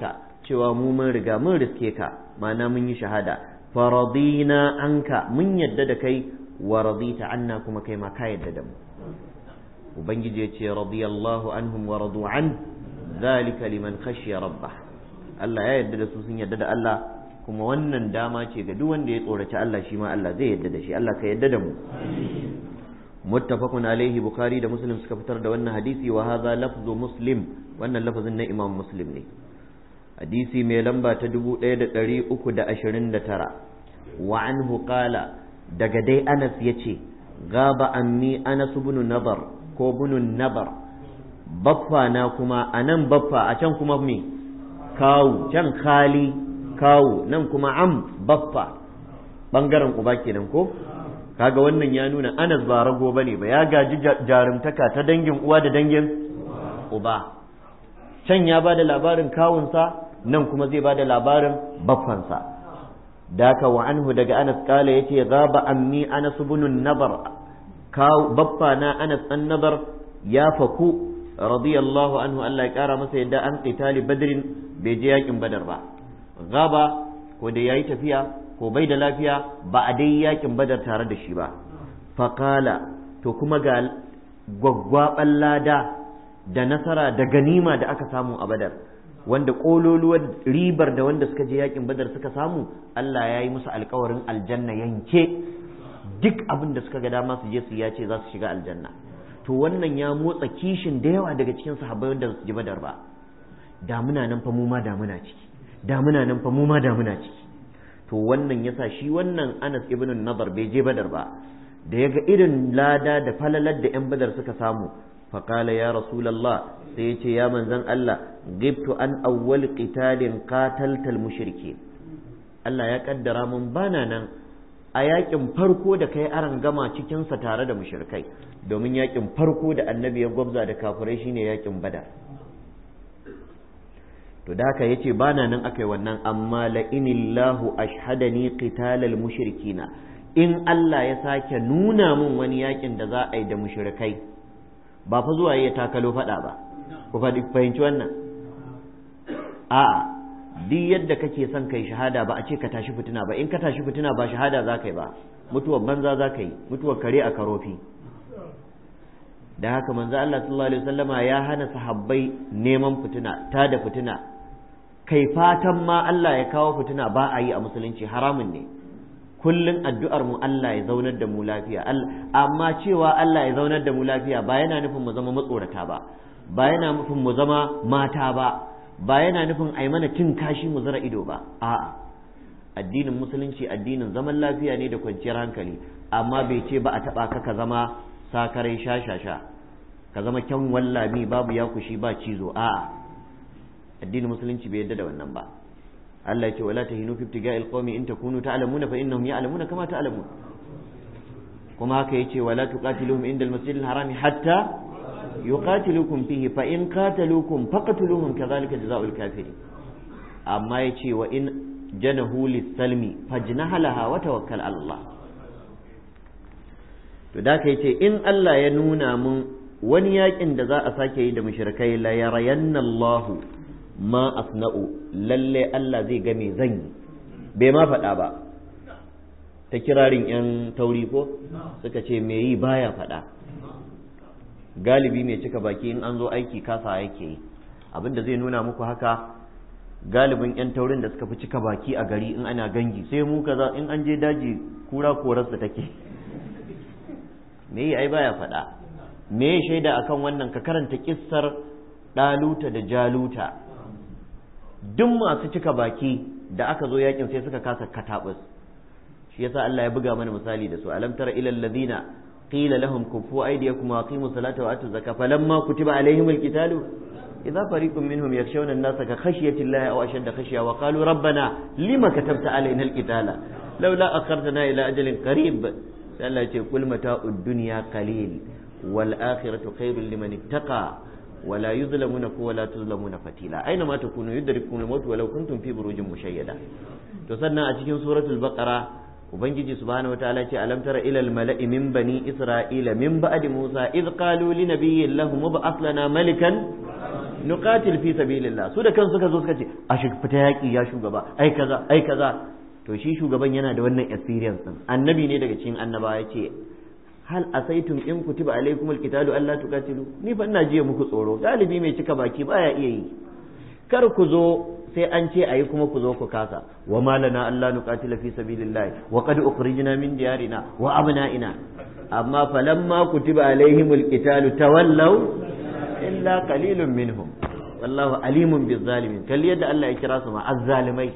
ka. cewa mu mun riga mun riske ka ma'ana mun yi shahada faradina anka mun yadda da kai wa radita anna kuma kai ma ka yadda da mu ubangiji ya ce radiyallahu anhum wa radu an zalika liman khashiya rabbah Allah ya yarda da su sun yarda da Allah kuma wannan dama ce ga duk wanda ya tsoraci Allah shi ma Allah zai yarda da shi Allah ka yarda da mu muttafaqun alaihi bukhari da muslim suka fitar da wannan hadisi wa hadha lafzu muslim wannan lafazin na imam muslim ne hadisi mai lamba ta 1329 wa anhu qala daga dai Anas yace gaba anni Anas ibn Nadar ko bunun nabar baffa na kuma a nan baffa a can kuma me kawu can kali kawu nan kuma am baffa bangaren uba kenan ko kaga wannan ya nuna anas ba rago ne ba ya gaji jarumtaka ta dangin uwa da dangin uba can ya ba da labarin kawunsa nan kuma zai ba da labarin baffansa daka wa anhu daga anas kala yace gaba anni anas bunun nabar kawo baffa na Anas annabar ya faku radiyallahu anhu Allah ya kara masa yadda an qitali badrin bai je yakin badar ba gaba ko da yayi tafiya ko bai da lafiya ba a dai yakin badar tare da shi ba faqala to kuma ga gwaggwaban lada da nasara da ganima da aka samu a badar wanda kololuwar ribar da wanda suka je yakin badar suka samu Allah ya yi musu alkawarin aljanna yanke duk abin da suka ga dama su je su ya ce za su shiga aljanna to wannan ya motsa kishin da yawa daga cikin sahabbai wanda su ji badar ba damuna nan fa mu ma damuna ciki damuna nan fa mu ma damuna ciki to wannan yasa shi wannan Anas ibn Nadar bai je badar ba da ga irin lada da falalar da yan badar suka samu ya فقال sai ya ce ya manzan allah gibtu an awwal qitalin qataltal mushrike Allah ya kaddara mun bana nan. a yakin farko da kai aran gama cikinsa tare da mushrikai domin yakin farko da annabi ya gwabza da kafirai shine yakin badar to da haka yace na nan akai wannan amma la inillahu ashhadani qitalal mushrikina in Allah ya sake nuna mun wani yakin da za a yi da mushrikai ba fa zuwa ya takalo fada ba ku fahimci wannan a'a duk yadda kake son kai shahada ba a ce ka tashi fitina ba in ka tashi fitina ba shahada za ka yi ba mutuwar banza za ka yi mutuwar kare a karofi da haka manzo Allah sallallahu alaihi wasallama ya hana sahabbai neman fitina ta da fitina kai fatan ma Allah ya kawo fituna ba a yi a musulunci haramun ne kullun addu'ar mu Allah ya zaunar da mu lafiya amma cewa Allah ya zaunar da mu lafiya ba yana nufin mu zama matsorata ba ba yana nufin mu zama mata ba ba yana nufin ai mana cin kashi mu zara ido ba a'a addinin musulunci addinin zaman lafiya ne da kwanciyar hankali amma bai ce ba a taba ka ka zama sakarai shashasha ka zama kyan wallami babu yakushi ba cizo a'a addinin musulunci bai yadda da wannan ba Allah ya ce wala tahinu fi ibtiga'il qaumi in takunu ta'lamuna fa innahum ya'lamuna kama ta'lamun kuma haka yace wala tuqatiluhum inda al-masjidil harami hatta yuqatilukum fihi fa in qataluukum faqtuluhum kadhalika jazaa'ul kafirin amma yace wa in janahu lis-salmi fajnahalaha wa tawakkal ala Allah to da ka yace in Allah ya nuna mun wani yakin da za a sake yi da mushrikai la yarayanna Allahu ma asna'u lalle Allah zai ga me zan yi bai ma faɗa ba ta kirarin 'yan tauri ko suka ce me yi baya faɗa galibi mai cika baki in an zo aiki kasa yake yi abinda zai nuna muku haka galibin 'yan taurin da suka fi cika baki a gari in ana gangi sai mu kaza in an je daji kura korarsa take me yi ai baya faɗa me shaida akan wannan ka karanta kissar ɗaluta da jaluta duk masu cika baki da aka zo yakin sai suka kasa katabus shi yasa Allah ya buga mana misali da su alam tara ilal ladina qila lahum kufu aydiyakum wa aqimu salata wa atu zakata falamma kutiba alaihimul qitalu idza fariqun minhum yakhshawna an-nasa ka khashyati llahi aw da khashya ya wakalu rabbana lima katabta alaina al-qitala laula akhartana ila ajalin qarib sai Allah ya ce kul mata'ud dunya qalil wal akhiratu khairul liman ittaqa ولا يظلمون ولا تظلمون فتيلا اينما تكونوا يدرككم الموت ولو كنتم في بروج مشيده to sannan a cikin suratul bakara. ubangiji subhanahu wataala ce alam tara ila al mala'i min bani isra'ila min ba'di musa id qalu li nabiyyin lahum ba'ath lana malikan nuqatil fi sabilillah su da kansu suka zo suka ce a fita yaki ya shugaba ai kaza ai kaza to shi shugaban yana da wannan experience din annabi ne daga cikin annabawa ce. hal asaitum in kutiba alaikum alqitalu alla tuqatilu ni fa ina jiya muku tsoro galibi mai cika baki baya iya yi kar ku zo sai an ce ayi kuma ku zo ku kasa wa malana Allah nuqatila fi sabilillah wa qad ukhrijna min diyarina wa abna'ina amma falamma kutiba alaihimul qitalu tawallaw illa qalilun minhum wallahu alimun bizzalimin kalli yadda Allah ya kira su ma azzalimai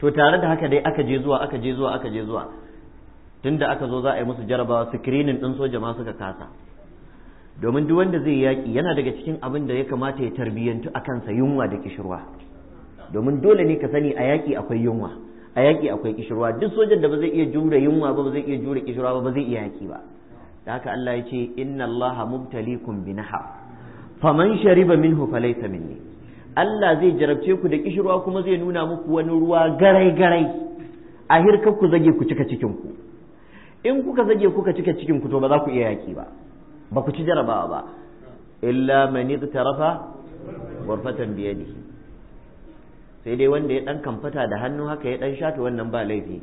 to tare da haka dai aka je zuwa aka je zuwa aka je zuwa tunda aka zo za a yi musu jarabawa screening din soja ma suka kasa domin duk wanda zai yaƙi yana daga cikin abin da ya kamata ya tarbiyyantu a kansa yunwa da kishirwa domin dole ne ka sani a yaƙi akwai yunwa a yaƙi akwai kishirwa duk sojan da ba zai iya jure yunwa ba ba zai iya jure kishirwa ba ba zai iya yaƙi ba da haka Allah ya ce inna Allaha mubtalikum bi nahar faman shariba minhu falaysa minni Allah zai jarabce ku da kishirwa kuma zai nuna muku wani ruwa garai garai a hirkar ku zage ku cika cikin ku in kuka zage kuka cika cikin ku to ba za ku iya yaƙi ba ba ku ci jarabawa ba illa man tarafa gurfatan bi yadihi sai dai wanda ya dan kamfata da hannu haka ya dan shafe wannan ba laifi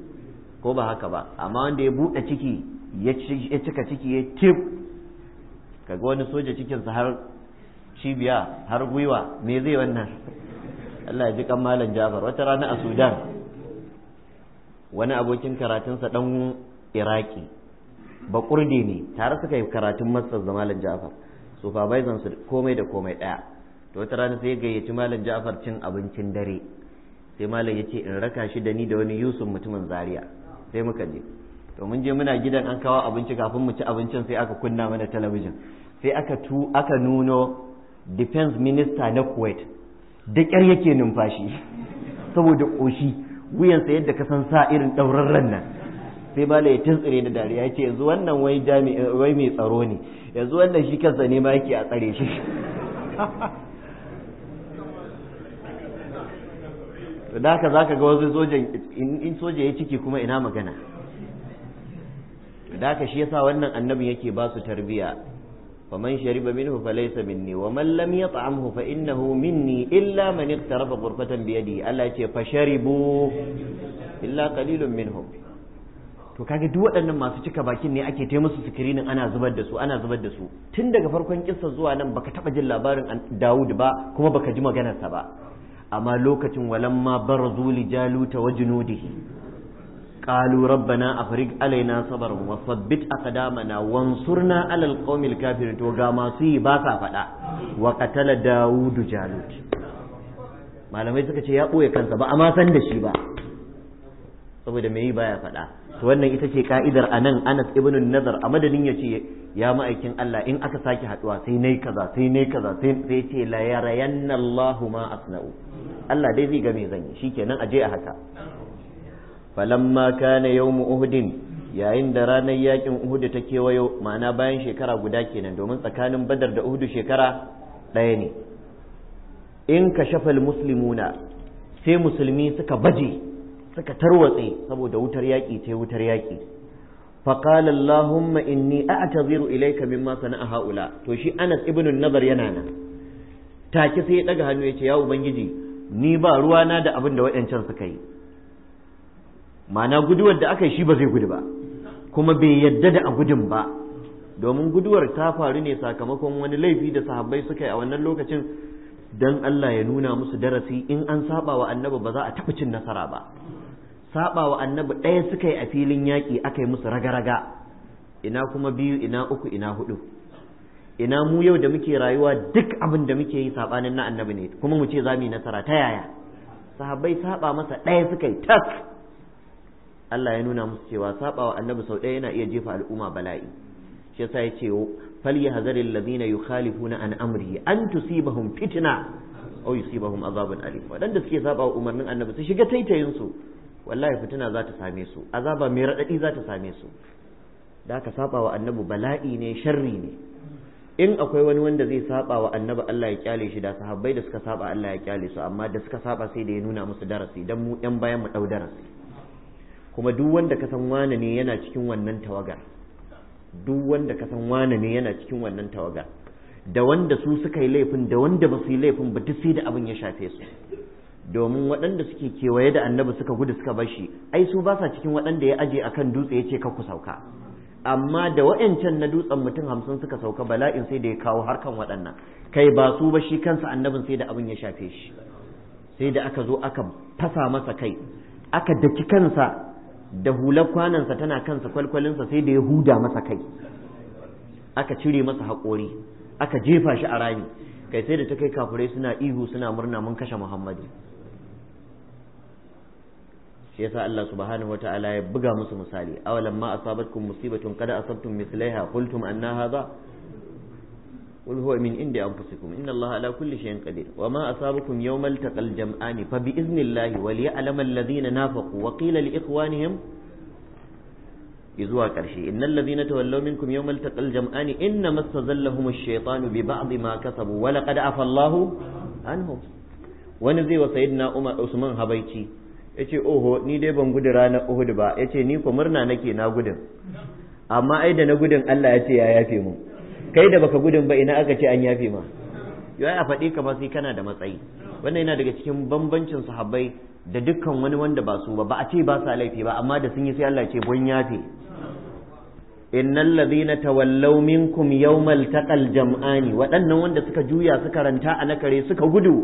ko ba haka ba amma wanda ya buɗe ciki ya cika ciki ya tip kaga wani soja cikinsa har cibiya har gwiwa me zai wannan Allah ya ji kan malam Jafar wata rana a Sudan wani abokin karatunsa dan Iraki ba ne tare suka yi karatun masar da malam ja'far supervisor su komai da komai daya to wata rana sai gayyaci malam ja'far cin abincin dare sai malam ya ce in raka shi da ni da wani yusuf mutumin Zariya, sai muka je to mun je muna gidan an kawo abinci kafin mu ci abincin sai aka kunna mana talabijin sai aka tu aka nuno defense minister na kuwait da ƙyar yake numfashi saboda koshi wuyansa yadda ka san sa irin ɗaurarren nan sai Bala ya tuntsire da dariya ya ce yanzu wannan wai wai mai tsaro ne yanzu wannan shi kansa ne ma yake a tsare shi *laughs* to da haka zaka ga wasu sojan in soja ya ciki kuma ina magana da haka shi yasa wannan annabin yake ba su tarbiya man shariba minhu falaysa minni wa man lam yat'amhu fa innahu minni illa man iqtarafa ghurfatan bi yadihi Allah ya ce fa sharibu illa qalilun minhum to kaga duk waɗannan masu cika bakin ne ake ta musu sikirinin ana zubar da su ana zubar da su tun daga farkon kissa zuwa nan baka taba jin labarin Dawud ba kuma baka ji sa ba amma lokacin walamma barzu li jaluta wa junudihi qalu rabbana afrig alaina sabran wa thabbit aqdamana wansurna alal qawmil kafirin to ga masu yi ba sa faɗa wa qatala Dawud jalut malamai suka ce ya ɓoye kansa ba amma san da shi ba saboda me yi baya faɗa to wannan ita ce ka'idar anan Anas ibn nazar a madadin ya ce ya ma'aikin Allah in aka sake haɗuwa sai nai kaza sai nai kaza sai ce la yarayanna Allahu ma asna'u Allah dai zai ga me zan yi shikenan aje a haka falamma kana yawm uhudin yayin da ranar yakin Uhud ta kewayo ma'ana bayan shekara guda kenan domin tsakanin Badar da Uhud shekara ɗaya ne in ka shafal muslimuna sai musulmi suka baje suka tarwatse saboda wutar yaƙi ce wutar yaƙi faƙala Allahumma inni a'taziru ilayka mimma sana'a haula to shi Anas ibn Nabar yana nan Taki sai ya daga hannu ya ce ya ubangiji ni ba ruwa na da abin da waɗancan suka yi ma'ana guduwar da aka yi shi ba zai gudu ba kuma bai yadda da a gudun ba domin guduwar ta faru ne sakamakon wani laifi da sahabbai suka yi a wannan lokacin dan Allah ya nuna musu darasi in an saba wa annabi ba za a taɓa cin nasara ba saba wa annabi ɗaya suka yi a filin yaƙi aka yi musu raga-raga ina kuma biyu ina uku ina hudu ina mu yau da muke rayuwa duk abin da muke yi sabanin na annabi ne kuma mu ce za mu yi nasara ta yaya sahabbai saba masa ɗaya suka yi tak Allah ya nuna musu cewa saba wa annabi sau ɗaya yana iya jefa al'umma bala'i shi yasa ya ce fal yahzaril ladina yukhalifuna an amri an tusibahum fitna aw yusibahum azabun alim wadanda suke saba wa umarnin annabi su shiga taitayin su wallahi fitina za ta same su azaba mai raɗaɗi za ta same su da ka saba wa annabi bala'i ne sharri ne in akwai wani wanda zai saba wa annabi Allah ya kyale shi da sahabbai da suka saba Allah ya kyale su amma da suka saba sai da ya nuna musu darasi dan mu yan bayan mu dau darasi kuma duk wanda ka san wane ne yana cikin wannan tawagar duk wanda ka san wane ne yana cikin wannan tawagar da wanda su suka yi laifin da wanda ba su yi laifin ba duk sai da abin ya shafe su domin waɗanda suke kewaye da annabi suka gudu suka bar shi ai su ba sa cikin waɗanda ya aje akan dutse ya ce ku sauka amma da wa'ancan na dutsen mutum hamsin suka sauka bala'in sai da ya kawo harkan waɗannan kai ba su ba shi kansa annabin sai da abin ya shafe shi sai da aka zo aka fasa masa kai aka daki kansa da hular kwanansa tana kansa kwalkwalinsa sai da ya huda masa kai aka cire masa haƙori aka jefa shi a rami kai sai da ta kai kafurai suna ihu suna murna mun kashe muhammadu shi yasa Allah subhanahu wa ta'ala ya buga musu misali awalan ma asabatkum musibatun kada asabtum mithlaiha qultum anna hadha qul huwa min indi anfusikum inna Allah ala kulli shay'in qadir wa ma asabakum yawmal taqal jam'ani fa bi idhnillahi wal ya'lam alladhina nafaqu wa qila li ikhwanihim izuwa karshe innal ladina tawallaw minkum yawmal taqal jam'ani inna mastazallahum ash-shaytanu bi ba'd ma kasabu wa laqad afa Allahu anhum wani zai wa sayyidina Usman Habaici Ya ce, oho ni dai ban gudu ranar Uhud ba Ya ce, ni ku murna nake na gudun amma ai da na gudun Allah ya ce ya yafe mu kai da baka gudun ba ina aka ce an yafe ma yau a faɗi ka ba sai kana da matsayi wannan yana daga cikin bambancin sahabbai da dukkan wani wanda ba su ba ba a ce ba sa laifi ba amma da sun yi sai Allah ce bun yafe innal ladhina tawallaw minkum yawmal taqal jam'ani waɗannan wanda suka juya suka ranta a nakare suka gudu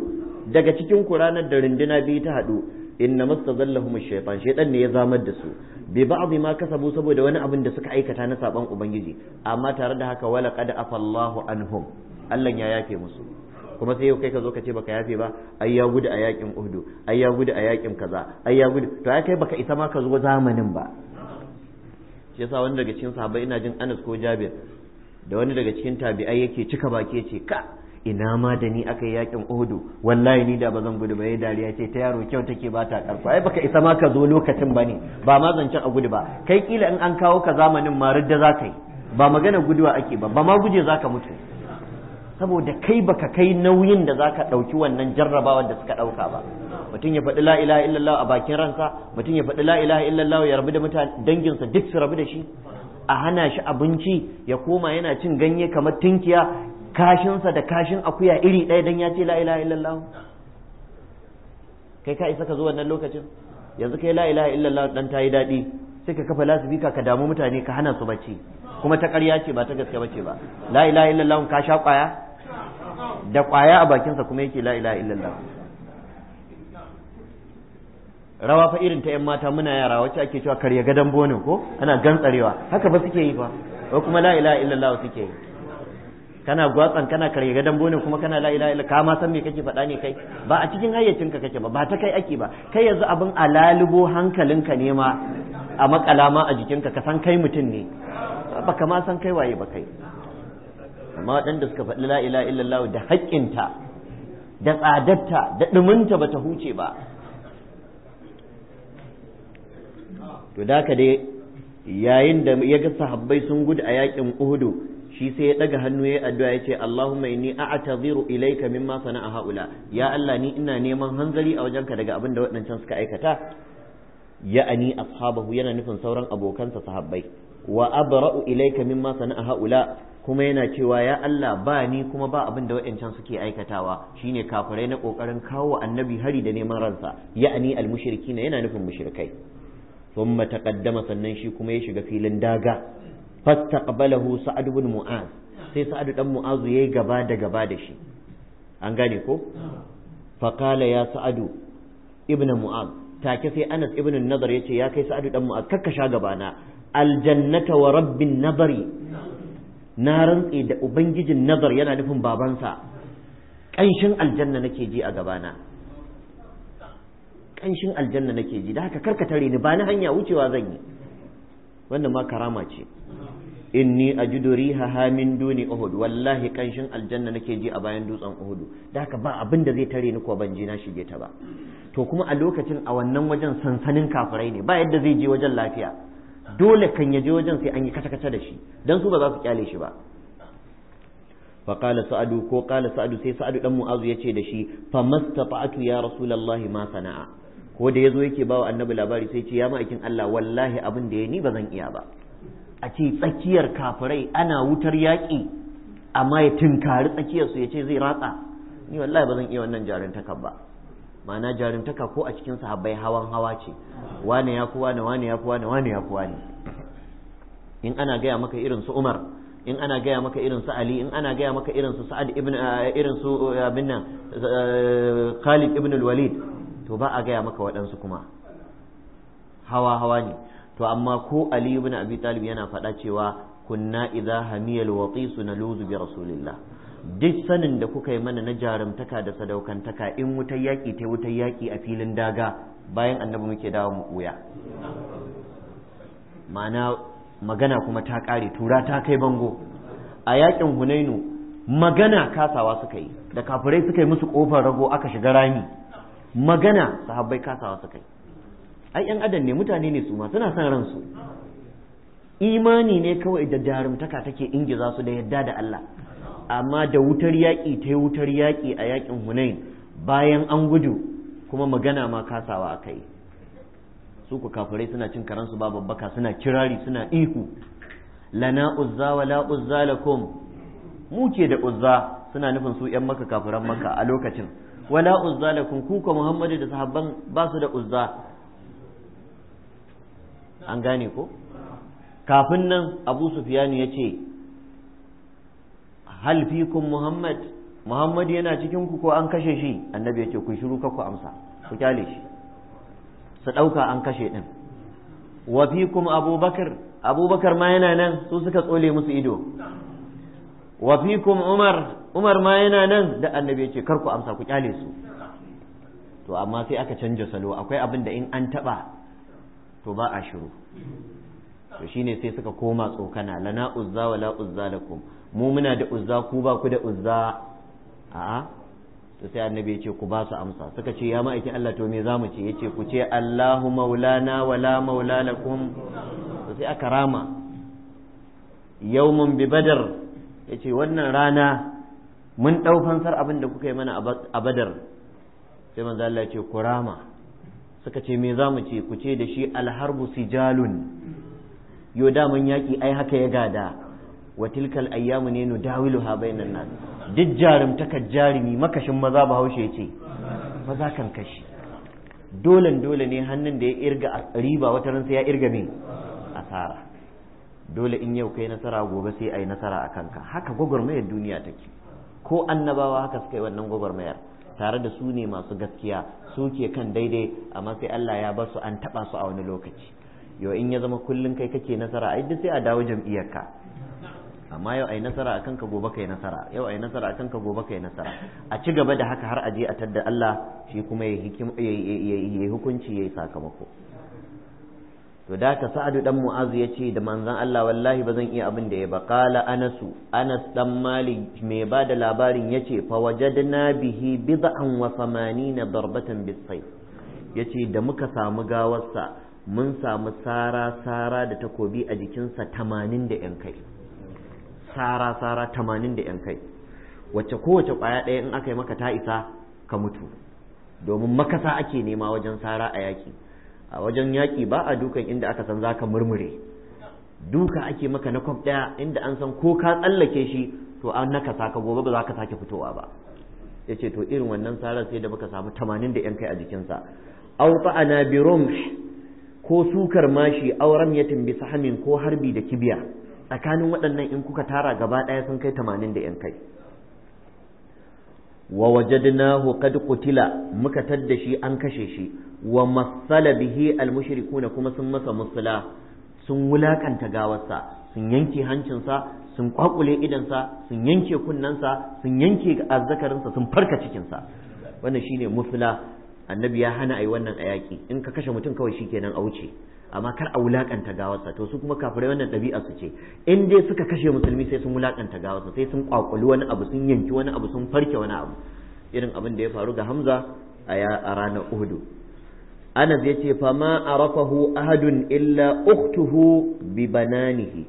daga cikin ku da runduna biyu ta haɗu inna mastazallahum ash-shaytan shaytan ne ya zamar da su bi ba'dhi ma kasabu saboda wani abin da suka aikata na saban ubangiji amma tare da haka wala qad afallahu anhum Allah ya yafe musu kuma sai yau kai ka zo ka ce baka yafe ba ai ya gudu a yakin uhdu ai ya gudu a yakin kaza ai ya gudu to ai kai baka isa ma ka zo zamanin ba shi yasa wani daga cikin sahabbai ina jin Anas ko Jabir da wani daga cikin tabi'ai yake cika baki yace ka ina ma da ni aka yi yakin uhudu wallahi ni da ba zan gudu ba yayi dariya ce ta yaro kyau take ba ta karfa ai baka isa ma ka zo lokacin ba ne ba ma zancen a gudu ba kai kila in an kawo ka zamanin ma rudda za ka yi ba magana guduwa ake ba ba ma guje za ka mutu saboda kai baka kai nauyin da za ka ɗauki wannan jarrabawar da suka ɗauka ba mutum ya faɗi la ilaha illallah a bakin ransa mutum ya faɗi la ilaha illallah ya rabu da mutane danginsa duk su rabu da shi a hana shi abinci ya koma yana cin ganye kamar tinkiya kashinsa da kashin akuya iri ɗaya don ya ce la ilaha illallah kai ka isa ka zo wannan lokacin yanzu kai la ilaha illallah dan ta yi daɗi sai ka kafa lasifika ka damu mutane ka hana su bacci kuma ta ƙarya ce ba ta gaske bace ba la ilaha illallah ka sha ƙwaya da ƙwaya a bakinsa kuma yake la ilaha illallah rawa fa irin ta yan mata muna yara wacce ake cewa karya gadon bonin ko ana gantsarewa haka ba suke yi ba? ko kuma la ilaha illallah suke yi kana gwatsan kana karye gadon bone kuma kana la ilaha illa ka ma san me kake faɗa ne kai ba a cikin hayyacin ka kake ba ba ta kai ake ba kai yanzu abin alalubo hankalinka ne ma a makalama a jikinka ka san kai mutum ne ba ka ma san kai waye ba kai amma waɗanda suka faɗi la ilaha illallah da haƙƙinta da tsadarta da ɗuminta ba ta huce ba to da ka dai yayin da ya ga sahabbai sun gudu a yakin uhudu shi sai ya daga hannu ya addu'a ya ce Allahumma inni a'taziru ilayka mimma sana'a haula ya Allah ni ina neman hanzari a wajenka daga abin da waɗancan suka aikata ya'ani ashabahu yana nufin sauran abokansa sahabbai wa abra'u ilayka mimma sana'a haula kuma yana cewa ya Allah ba ni kuma ba abin da suke aikatawa shine kafirai na kokarin kawo annabi hari da neman ransa ya'ani almushrikina yana nufin mushrikai thumma taqaddama sannan shi kuma ya shiga filin daga fastaqbalahu sa'ad ibn mu'az sai sa'ad dan mu'azu yayi gaba da gaba da shi an gane ko faqala ya sa'ad ibn mu'az take sai Anas ibn Nadar yace ya kai sa'ad dan mu'az kakkasha gabana aljannata wa rabbin nadari na rantsi da ubangijin nazar yana nufin babansa ƙanshin aljanna nake ji a gabana ƙanshin aljanna nake ji da haka karka tare ni ba ni hanya wucewa zan yi wannan ma karama ce inni ajidu ha min duni uhud wallahi kanshin aljanna nake ji a bayan dutsen uhud da haka ba abin da zai tare ni ko ban ji na shige ta ba to kuma a lokacin a wannan wajen sansanin kafirai ne ba yadda zai je wajen lafiya dole kan ya je wajen sai an yi katakata da shi dan su ba za su kyale shi ba fa qala sa'adu ko qala sa'adu sai sa'adu dan mu'azu yace da shi fa mastata'atu ya rasulullahi ma sana'a ko da yazo yake bawa annabi labari sai ce ya ma'aikin Allah wallahi abin da ya ni ba zan iya ba a ce tsakiyar kafirai ana wutar yaƙi amma ya tunkari tsakiyar su ya ce zai ratsa ni wallahi ba zan iya wannan jarintaka ba ma'ana jarintaka ko a cikin sahabbai hawan hawa ce wane ya kuwa ne wane ya kuwa ne wane ya kuwa ne. in ana gaya maka irin su Umar in ana gaya maka irin su Ali in ana gaya maka irin su Sa'ad ibn eh, irin su eh, abin nan eh, Khalid ibn al-Walid to ba a gaya maka waɗansu kuma hawa hawa ne to amma ko ali ibn abi talib yana faɗa cewa kunna idza hamiyal waqisu naluzu bi rasulillah duk sanin da kuka yi mana na jarumtaka da sadaukantaka in wutar yaƙi ta wutar yaƙi a filin daga bayan annabi muke dawo mu ɓuya ma'ana magana kuma ta ƙare tura ta kai bango a yaƙin hunainu magana kasawa suka yi da kafirai suka yi musu ƙofar rago aka shiga rami magana sahabbai kasawa su kai ai yan adam ne mutane ne su ma suna son ransu imani ne kawai da jarumtaka take ingiza su da yadda da Allah amma da wutar yaƙi ta wutar yaƙi a yaƙin Hunain bayan an gudu kuma magana ma kasawa a kai su ku kafirai suna cin karansu ba babbaka suna kirari suna ihu lana uzza wa la uzza lakum mu ke da uzza suna nufin su yan maka kafiran maka a lokacin wala uzza lakum ku muhammadu da sahabban ba su da uzza an gane ko kafin nan abu sufyanu ya ce hal fikum muhammad muhammad yana cikin ku ko an kashe shi annabi ya ce ku shiru ka ku amsa ku kyale shi su ɗauka an kashe ɗin wa fikum abubakar abubakar ma yana nan su suka tsole musu ido wa fikum umar umar ma yana nan da annabi yace kar ku amsa ku kyale su to amma sai aka canja salo akwai abin da in an taba to ba a shiru to shine sai suka koma tsokana lana uzza wala uzza lakum mu muna da uzza ku ba ku da uzza a'a to sai annabi yace ku ba su amsa suka ce ya ma'aiki Allah to me zamu ce yace ku ce Allahu maulana wala maula lakum to sai aka rama yawmun bi badar ya ce wannan rana mun ɗau fansar abin da kuka yi mana a badar sai manzo Allah ya ce kurama suka ce me za mu ce ku ce da shi alharbu sijalun yo mun yaƙi ai haka ya gada wa tilkal ayyamu ne nu dawiluha bainan nas duk jarum jarumi makashin maza bahaushe ce maza kan kashi dolen dole ne hannun da ya irga riba wata sai ya irga me asara dole in yau kai nasara gobe sai ai nasara a kanka haka gwagwarmayar duniya take ko annabawa haka suka yi wannan gwagwarmayar tare da su ne masu gaskiya su ke kan daidai amma sai Allah ya su an taba su a wani lokaci yau in ya zama kullun kai kake nasara ai duk sai a dawo jam'iyyarka amma yau ai nasara akan ka gobe kai nasara yau ai nasara akan ka gobe kai nasara a ci gaba da haka har a je a tadda Allah shi kuma ya hukunci yayi sakamako to da ka sa'adu dan mu'azu ya ce da manzan Allah wallahi ba zan iya abin da ya ba kala anasu anas dan malik mai ba da labarin ya ce, fa wajadna bihi bid'an wa barbatan darbatan bisayf ce da muka samu gawarsa mun samu sara sara da takobi a jikinsa tamanin da yan kai sara sara tamanin da yan kai wacce kowace kwaya ɗaya in aka yi maka ta isa ka mutu domin makasa ake nema wajen sara a yaki a wajen yaƙi ba a dukan inda aka san zaka murmure duka ake maka na kwaf ɗaya inda an san ko ka tsallake shi to an naka saka gobe ba za ka sake fitowa ba ya ce to irin wannan sarar sai da muka samu tamanin da yan kai a jikinsa au ta'ana bi ko sukar mashi auram ramyatin bi sahamin ko harbi da kibiya tsakanin waɗannan in kuka tara gaba ɗaya sun kai tamanin da yan kai wa wajadnahu qad qutila muka tadda shi an kashe shi wa masala bihi na kuma sun masa musula sun wulakanta gawarsa sun yanke hancinsa sun kwakule idansa sun yanke kunnensa sun yanke azzakarinsa sun farka cikinsa wannan shine musula annabi ya hana a yi wannan a yaƙi in ka kashe mutum kawai shikenan a wuce amma kar a wulakanta gawarsa to su kuma kafirai wannan ɗabi'a su ce in dai suka kashe musulmi sai sun wulakanta gawarsa sai sun kwakuli wani abu sun yanki wani abu sun farke wani abu irin abin da ya faru ga hamza a ranar uhudu anas ya ce fama arafahu ahadun illa ukhtuhu bi bananihi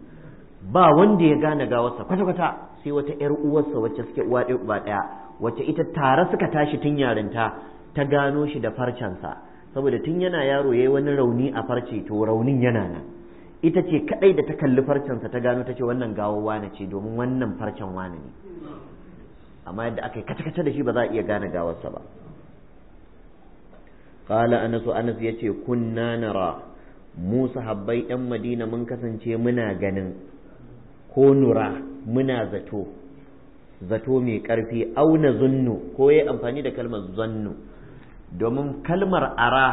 ba wanda ya gane gawarsa kwata-kwata sai wata 'yar uwarsa wacce suke uwa ɗaya uba ɗaya wacce ita tare suka tashi tun yarinta ta gano shi da farcensa saboda tun yana yaro yayi wani rauni a farce to raunin yana nan ita ce kadai da ta kalli farcensa ta gano ta ce wannan gawo wane ce domin wannan farcen wane ne amma yadda aka yi kace-kace da shi ba za a iya gane gawarsa ba qala anas anas yace kunna nara mu sahabbai yan madina mun kasance muna ganin ko nura muna zato zato mai karfi auna zunnu ko yayi amfani da kalmar zannu domin kalmar ara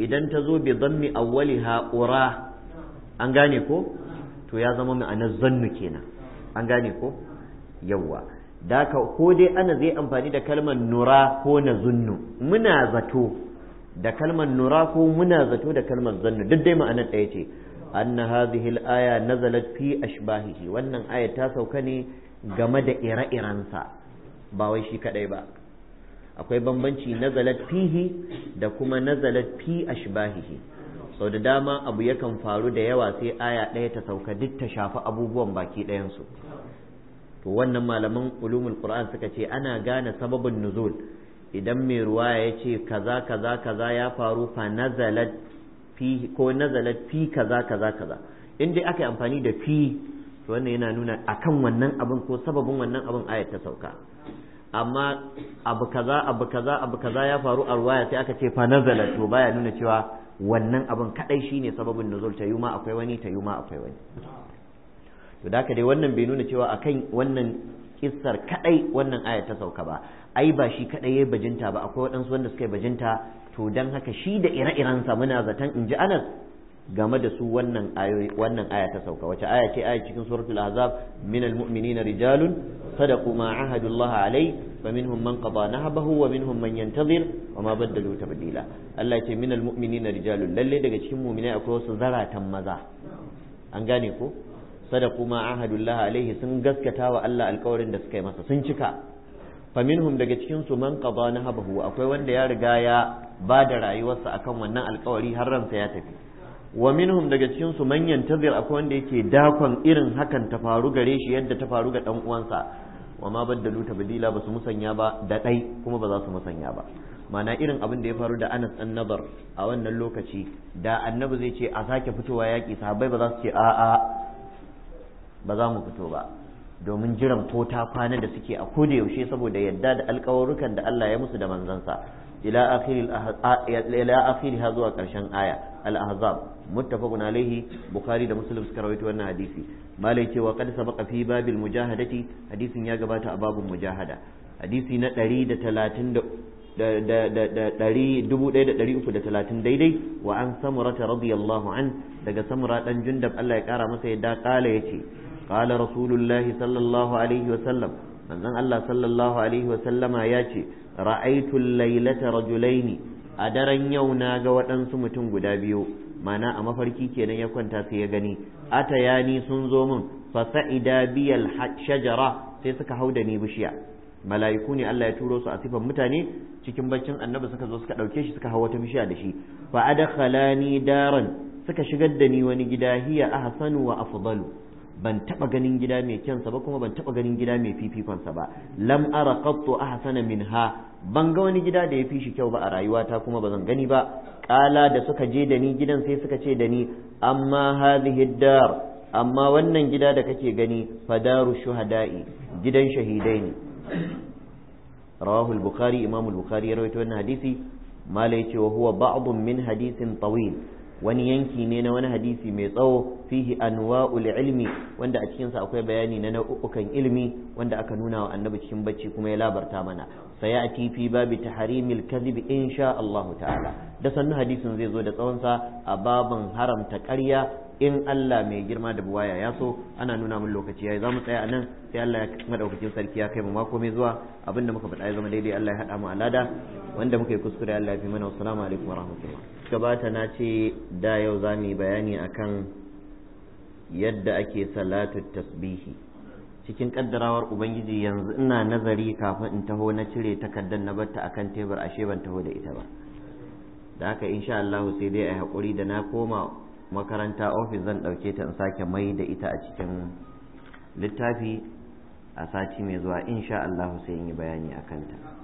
idan ta zo bi zammi awwaliha ura an gane ko to ya zama ma'anar zannu kenan an gane ko yawwa daka ko dai ana zai amfani da kalmar nura ko na zunnu muna zato da kalmar nura ko muna zato da kalmar zannu duk dai ma'anar ɗaya ce Annahazihil na al-aya nazalat fi ashbahihi wannan aya ta sauka ne game da ire-irensa ba wai shi kaɗai ba akwai bambanci nazalat fihi da kuma nazalat fi ashbahihi sau da dama abu yakan faru da yawa sai aya ɗaya ta sauka duk ta shafi abubuwan baki ɗayansu to wannan malaman ulumul qur'an suka ce ana gane sababin nuzul idan mai ruwa ya ce kaza kaza kaza ya faru fa nazalat fi ko nazalat fi kaza kaza kaza in dai aka yi amfani da fi to wannan yana nuna akan wannan abin ko sababin wannan abin ayat ta sauka amma abu kaza abu kaza abu kaza ya faru a ruwaya sai aka ce fa nazalat to baya nuna cewa wannan abin kadai shine sababin nuzul ta yuma akwai wani ta yuma akwai wani to da dai wannan bai nuna cewa akan wannan kissar kadai wannan aya ta sauka ba ai ba shi kadai ya bajinta ba akwai waɗansu wanda suka yi bajinta to dan haka shi da ire-irensa muna zaton in ji anas game da su wannan wannan aya ta sauka wace aya ce aya cikin suratul ahzab minal na rijalun sadaqu ma ahadullah alai minhum man qada nahbahu wa minhum man yantazir wa ma badalu tabdila Allah ce minal almu'minina rijalun lalle daga cikin mu'minai akwai wasu zaratan maza an gane ko Sada kuma ahadullah alaihi sun gaskata wa Allah alƙawarin da suka yi masa sun cika faminhum daga cikin su man qada nahabahu akwai wanda ya riga ya ba da rayuwarsa akan wannan alƙawari har ransa ya tafi wa minhum daga cikin su man yantazir akwai wanda yake dakon irin hakan ta faru gare shi yadda ta faru ga dan uwansa wa ma baddalu tabdila basu musanya ba da dai kuma ba za su musanya ba mana irin abin da ya faru da Anas dan a wannan lokaci da Annabi zai ce a sake fitowa yaki sahabbai ba za su ce a'a ba za mu fito ba domin jiran ko ta kwana da suke a koda yaushe saboda yadda da alkawarukan da Allah ya musu da manzansa ila akhiri ha zuwa karshen aya al-ahzab muttafaqun alayhi bukhari da muslim suka rawaito wannan hadisi malai cewa qad sabaqa fi babil mujahadati hadisin ya gabata a babun mujahada hadisi na 130 1330 daidai wa an samurata radiyallahu an daga samura dan jundab Allah ya kara masa yadda kala yace قال رسول الله صلى الله عليه وسلم من ذن الله صلى الله عليه وسلم ياتي رأيت الليلة رجلين أدرن يونا قوتن سمتن قدابيو معنى أما فركي كينا يكون تاسي يغني أتياني سنزوم فسعدا بي الشجرة سيسك هودني بشيع mala'iku ne Allah ya turo su a sifan mutane cikin baccin annabi suka zo suka ɗauke shi suka hawa wata bishiya da shi fa adkhalani daran suka shigar da ni wani gida hiya ahsanu wa afdalu ban taba ganin gida mai kyansa ba kuma ban taba ganin gida mai fifikonsa ba lam ara qattu ahsana minha ban ga wani gida da ya fi shi kyau ba a rayuwata kuma ba zan gani ba kala da suka je da ni gidan sai suka ce da ni amma hadhihi dar amma wannan gida da kake gani fadaru shuhada'i gidan shahidai ne rawahu al-bukhari imam al-bukhari ya rawaito wannan hadisi malai yace wa huwa ba'dun min hadisin tawil wani yanki ne na wani hadisi mai tsawo fihi anwa'ul ilmi wanda a cikinsa akwai bayani na nau'ukan ilmi wanda aka nuna wa annabi cikin bacci kuma ya labarta mana sayati fi babi taharimil kadhib insha Allah ta'ala da sannu hadisin zai zo da tsawon sa a baban haramta ƙarya in Allah mai girma da buwaya ya so ana nuna mun lokaci yayi zamu tsaya anan sai Allah ya madaukakin sarki ya kai mu mako mai zuwa abinda muka faɗa ya zama daidai Allah ya hada mu alada wanda muka yi kuskure Allah ya fi mana assalamu alaikum wa rahmatullah gabata na ce da yau za mu yi bayani a kan yadda ake salatu tasbihi cikin kaddarawar ubangiji yanzu ina nazari kafin in taho na cire takardar na batta a kan tebur ashe ban taho da ita ba da haka insha Allah sai dai a haƙuri da na koma makaranta ofis zan ɗauke ta in sake mai da ita a cikin littafi a sati mai zuwa insha Allah sai in yi bayani a kanta.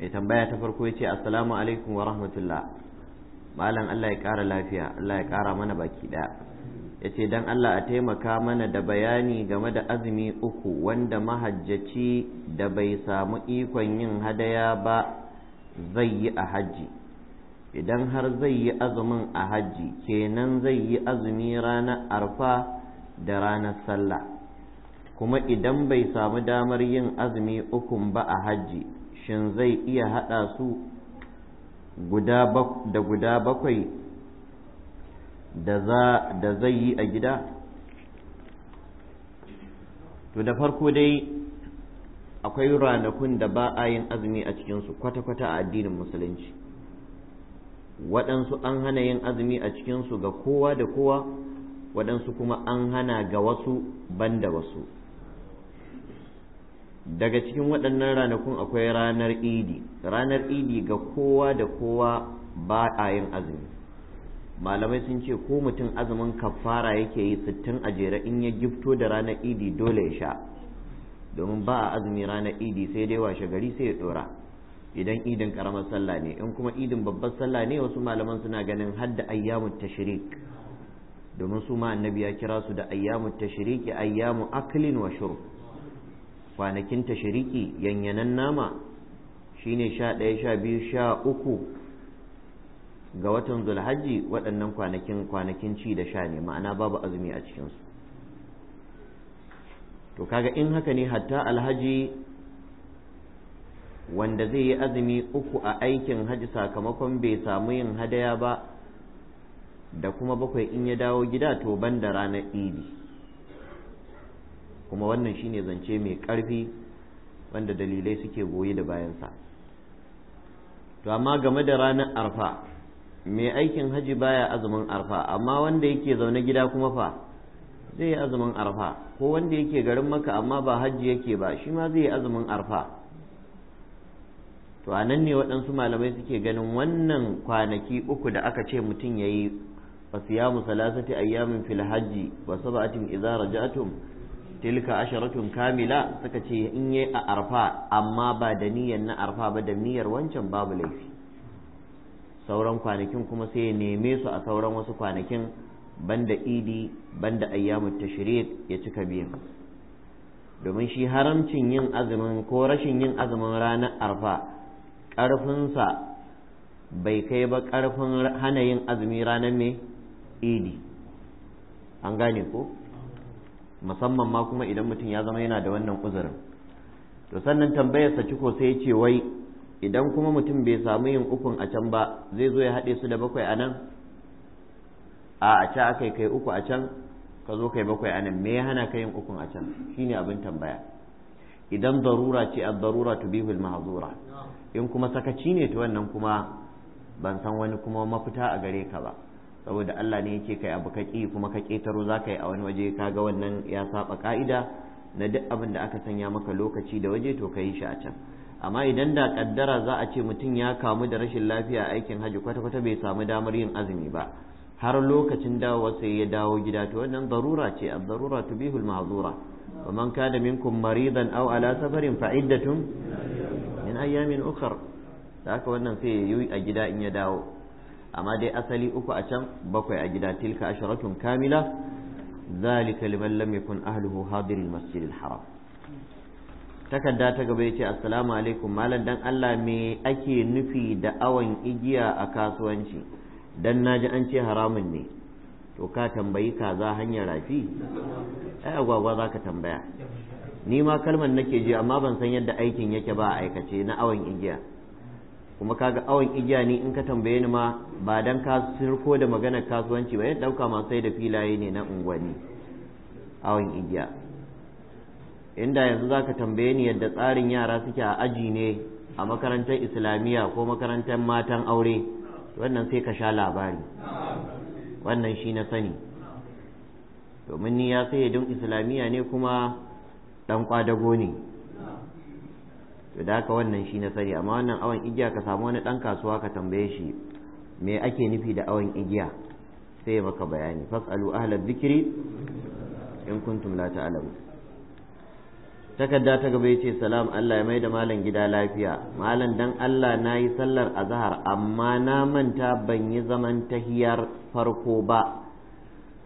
mai tambaya ta farko ya ce asalamu alaikum wa rahmatullah malam Allah ya ƙara lafiya Allah ya kara mana baki ɗaya ya ce don Allah a taimaka mana da bayani game da azumi uku wanda mahajjaci da bai samu ikon yin hadaya ba zai yi a hajji idan har zai yi azumin a hajji kenan zai yi azumi ranar arfa da ranar sallah kuma idan bai samu damar yin azumi ukun ba a hajji shin zai iya haɗa su da guda bakwai da zai yi a gida to da farko dai akwai ranakun da ba a yin azumi a cikinsu kwata-kwata a addinin musulunci waɗansu an hana yin azumi a cikinsu ga kowa da kowa waɗansu kuma an hana ga wasu banda wasu daga cikin waɗannan ranakun akwai ranar idi ranar idi ga kowa da kowa ba a yin azumi malamai sun ce ko mutum azumin kafara yake yi sittin a jere in ya gifto da ranar idi dole ya sha domin ba a azumi ranar idi sai dai washe gari sai ya tsora idan idin karamar sallah ne in kuma idin babbar sallah ne wasu malaman suna ganin hadda ayyamun tashrik domin su ma annabi ya kira su da ayyamut tashriki ayyamu aklin wa shurb kwanakin tashiriki yanyanan nama shine sha ɗaya sha biyu sha uku ga watan zulhajji waɗannan kwanakin kwanakin ci da sha ne ma'ana babu azumi a cikinsu to kaga in haka ne hatta alhaji wanda zai yi azumi uku a aikin hajji sakamakon bai samu yin hadaya ba da kuma bakwai in ya dawo gida to ban da ranar idi kuma wannan shine zance mai ƙarfi wanda dalilai suke goyi da bayansa to amma game da ranar arfa mai aikin haji baya azumin arfa amma wanda yake zaune gida kuma fa zai yi azumin arfa ko wanda yake garin maka amma ba hajji yake ba shi ma zai yi azumin arfa to a nan ne waɗansu malamai suke ganin wannan kwanaki uku da aka ce mutum ya yi fasiyamu salasati ayyamin filhajji hajji wa izara tilka asharatun kamila suka ce in yi a arfa amma ba da niyyar na arfa ba da niyyar wancan babu laifi sauran kwanakin kuma sai ya neme su a sauran wasu kwanakin banda idi banda ayyamut tashrik ya cika biyan domin shi haramcin yin azumin ko rashin yin azumin ranar arfa ƙarfinsa bai kai ba ƙarfin hana yin azumi ranar mai idi an gane ko musamman ma kuma idan mutum ya zama yana da wannan uzurin to sannan tambayar sa ciko sai ya ce wai idan kuma mutum bai samu yin ukun a can ba zai zo ya haɗe su da bakwai a nan a a can aka kai uku a can ka zo kai bakwai a nan me ya hana ka yin ukun a can shine abin tambaya idan darura ce a darura bihul mahzura in kuma sakaci ne to wannan kuma ban san wani kuma mafita a gare ka ba saboda Allah ne yake kai abu kaki kuma ka ƙetaro za ka yi a wani waje ka ga wannan ya saba ka'ida na duk abin da aka sanya maka lokaci da waje to ka yi shi a can amma idan da kaddara za a ce mutum ya kamu da rashin lafiya aikin hajji kwata-kwata bai samu damar yin azumi ba har lokacin dawowa sai ya dawo gida to wannan zarura ce a darura bihul mahzura wa man kana minkum maridan aw ala safarin fa iddatun min ayyamin ukhra da haka wannan sai ya yi a gida in ya dawo amma dai asali uku a can bakwai a gida tilka asharatun kamila zalika liman lam yakun ahluhu hadiril masjidil haram takarda ta gaba yace assalamu alaikum malam dan Allah me ake nufi da awan igiya a kasuwanci dan naji an ce haramun ne to ka tambayi kaza hanyar rafi ai agwagwa zaka tambaya ni ma kalmar nake ji amma ban san yadda aikin yake ba a aikace na awan igiya kuma ka ga awon igiya ne in ka tambaye ni ma ba dan ka sirko da maganar kasuwanci ba yadda dauka masu sai da filaye ne na unguwanni awon igiya inda yanzu za ka tambaye ni yadda tsarin yara suke a aji ne a makarantar islamiyya ko makarantar matan aure wannan sai ka sha labari wannan shi na sani domin ni ya sai don islamiyya ne kuma dan kwadago ne to da haka wannan shi na sani amma wannan awon igiya ka samu wani dan kasuwa ka tambaye shi me ake nufi da awon igiya sai ya maka bayani fasalu ahla dhikri in kuntum la ta'lamu Takadda ta gaba yace salam Allah ya maida malam gida lafiya malam dan Allah nayi sallar azhar amma na manta ban yi zaman tahiyar farko ba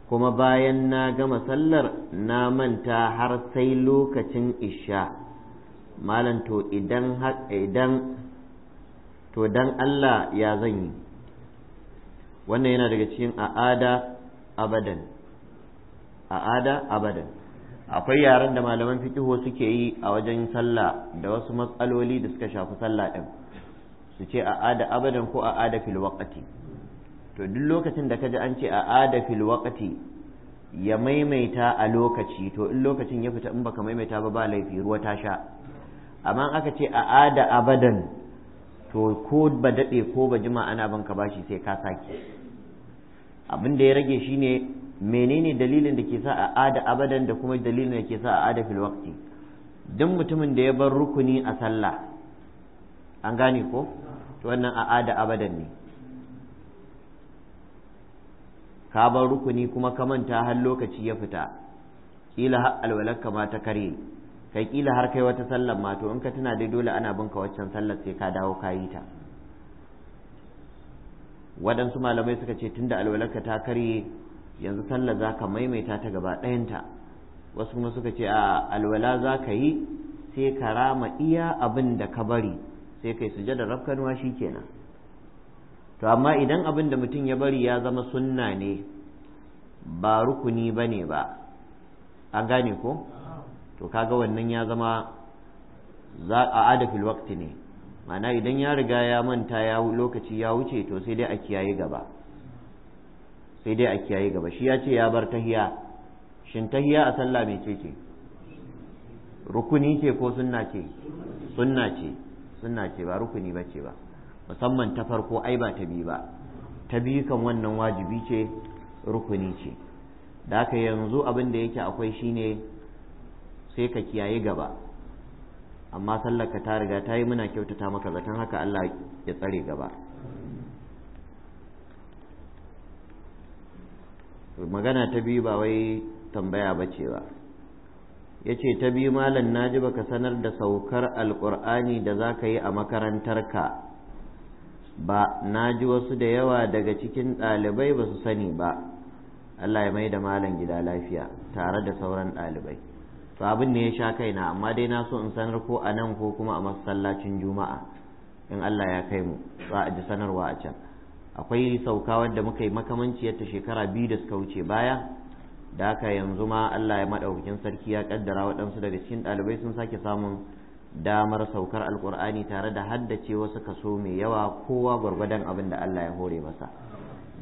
kuma bayan na gama sallar na manta har sai lokacin isha malam to idan idan to dan Allah ya zan yi wannan yana daga cikin a'ada abadan a'ada abadan akwai yaren da malaman fitiho suke yi a wajen sallah da wasu matsaloli da suka shafi sallah ɗin su ce a'ada abadan ko a'ada fil waqti to duk lokacin da kaji an ce a'ada fil waqti ya maimaita a lokaci to in lokacin ya fita in baka maimaita ba ba laifi ruwa ta sha amma aka ce a ada abadan to ko ba daɗe ko ba jima ana banka bashi sai ka sake abin da ya rage shine menene dalilin da ke sa a ada abadan da kuma dalilin da ke sa a ada fil waqti duk mutumin da ya bar rukuni a sallah an gane ko to wannan a ada abadan ne ka bar rukuni kuma ka manta har lokaci ya fita kila har ma ta kare kai kila har kai wata sallar ma to in ka tuna dai dole ana binka waccan sallar sai ka dawo ka yi ta waɗansu malamai suka ce tunda alwalarka ta karye yanzu sallar za ka maimaita ta gaba ɗayanta wasu kuma suka ce a alwala za ka yi sai ka rama iya abin da ka bari sai kai sujadar rafkanuwa shi kenan to amma idan abin da mutum ya bari ya zama sunna ne ba rukuni ba ne ba an gane ko to kaga wannan ya zama za a adafil filwakti ne Mana idan ya riga ya manta ya lokaci ya wuce to sai dai a kiyaye gaba sai dai a kiyaye gaba shi ya ce ya bar tahiya shin tahiya a sallah mai ce ce rukuni ce ko sunna ce sunna ce sunna ce ba rukuni ba ce ba musamman ta farko ai ba ta bi ba ta biyu kan wannan wajibi ce rukuni ce da haka yanzu abinda da yake akwai shine sai ka kiyaye gaba amma sallar ka ta riga ta yi muna kyautata maka zaton haka Allah ya tsare gaba magana ta biyu ba wai tambaya ba ce ba ya ce ta biyu malam na ji baka sanar da saukar alkur'ani da za ka yi a makarantar ka ba na ji wasu da yawa daga cikin ɗalibai ba su sani ba allah ya mai da malam gida lafiya tare da sauran ɗalibai to abin ne ya sha kaina amma dai na so in sanar ko a nan ko kuma a masallacin juma'a in Allah ya kai mu za a ji sanarwa a can akwai sauka wanda muka yi makamanciyar yadda shekara biyu da suka wuce baya da haka yanzu ma Allah ya maɗaukakin sarki ya ƙaddara waɗansu daga cikin ɗalibai sun sake samun damar saukar alkur'ani tare da haddace wasu kaso mai yawa kowa gwargwadon abin da Allah ya hore masa.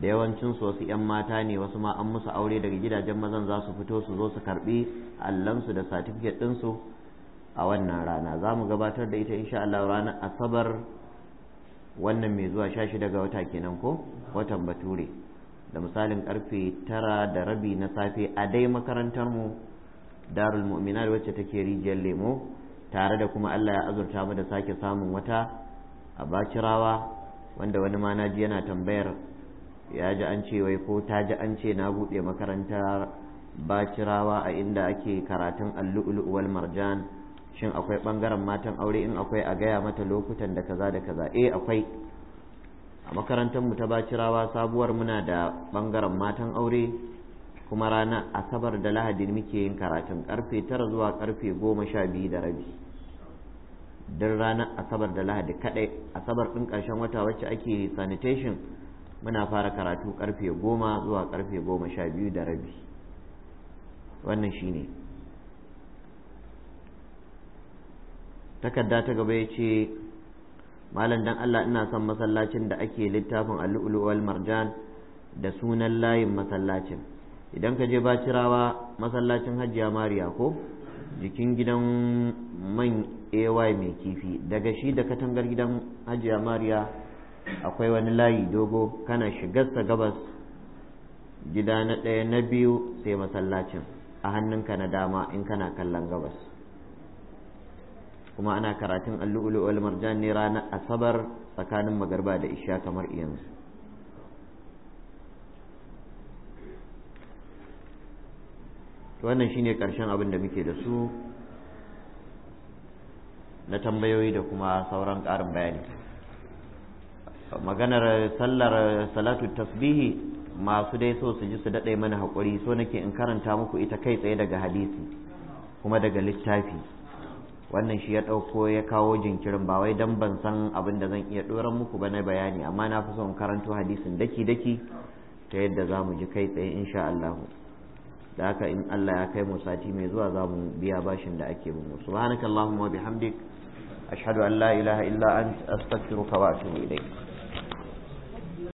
da yawancin su wasu 'yan mata ne wasu ma an musu aure daga gidajen mazan za su fito su zo su karbi allansu da satifiket ɗinsu a wannan rana za mu gabatar da ita insha Allah ranar asabar wannan mai zuwa sha shida ga wata kenan ko watan bature da misalin karfe tara da rabi na safe a dai makarantar mu darul mu'minat wacce take rijiyar lemo tare da kuma Allah ya azurta mu da sake samun wata a bacirawa wanda wani ma naji yana tambayar ya ji an ce wai ko ta ji an ce na buɗe makaranta bacirawa a inda ake karatun allu'ulu wal marjan shin akwai ɓangaren matan aure in akwai a gaya mata lokutan da kaza da kaza eh akwai a makarantar mu ta bacirawa sabuwar muna da ɓangaren matan aure kuma rana asabar da lahadi muke yin karatun karfe tara zuwa karfe goma sha biyu da rabi don ranar asabar da lahadi kadai asabar ɗin karshen wata wacce ake sanitation muna fara karatu karfe goma zuwa karfe goma sha biyu da rabi wannan shi ne takarda ta gaba ya ce malam dan Allah ina son masallacin da ake littafin allu'ulu marjan da sunan layin masallacin idan ka je bacirawa masallacin hajiya mariya ko jikin gidan man ay mai kifi daga shi da katangar gidan hajiya mariya akwai wani layi dogo kana sa gabas gida na ɗaya na biyu sai masallacin a hannunka na dama in kana kallon gabas kuma ana karatun allu'ulu wal marjan ne ranar asabar tsakanin magarba da isha kamar yanzu wannan shine ƙarshen abin da muke da su na tambayoyi da kuma sauran ƙarin bayani maganar sallar salatu tasbihi masu dai so su ji su daɗe mana haƙuri so nake in karanta muku ita kai tsaye daga hadisi kuma daga littafi wannan shi ya ɗauko ya kawo jinkirin ba wai dan ban san abin da zan iya ɗoran muku ba na bayani amma na fi so in karanto hadisin daki-daki ta yadda za mu ji kai tsaye insha Allah da haka in Allah ya kai mu sati mai zuwa za mu biya bashin da ake mu subhanakallahumma wa bihamdik ashhadu an la ilaha illa anta astaghfiruka wa atubu ilaik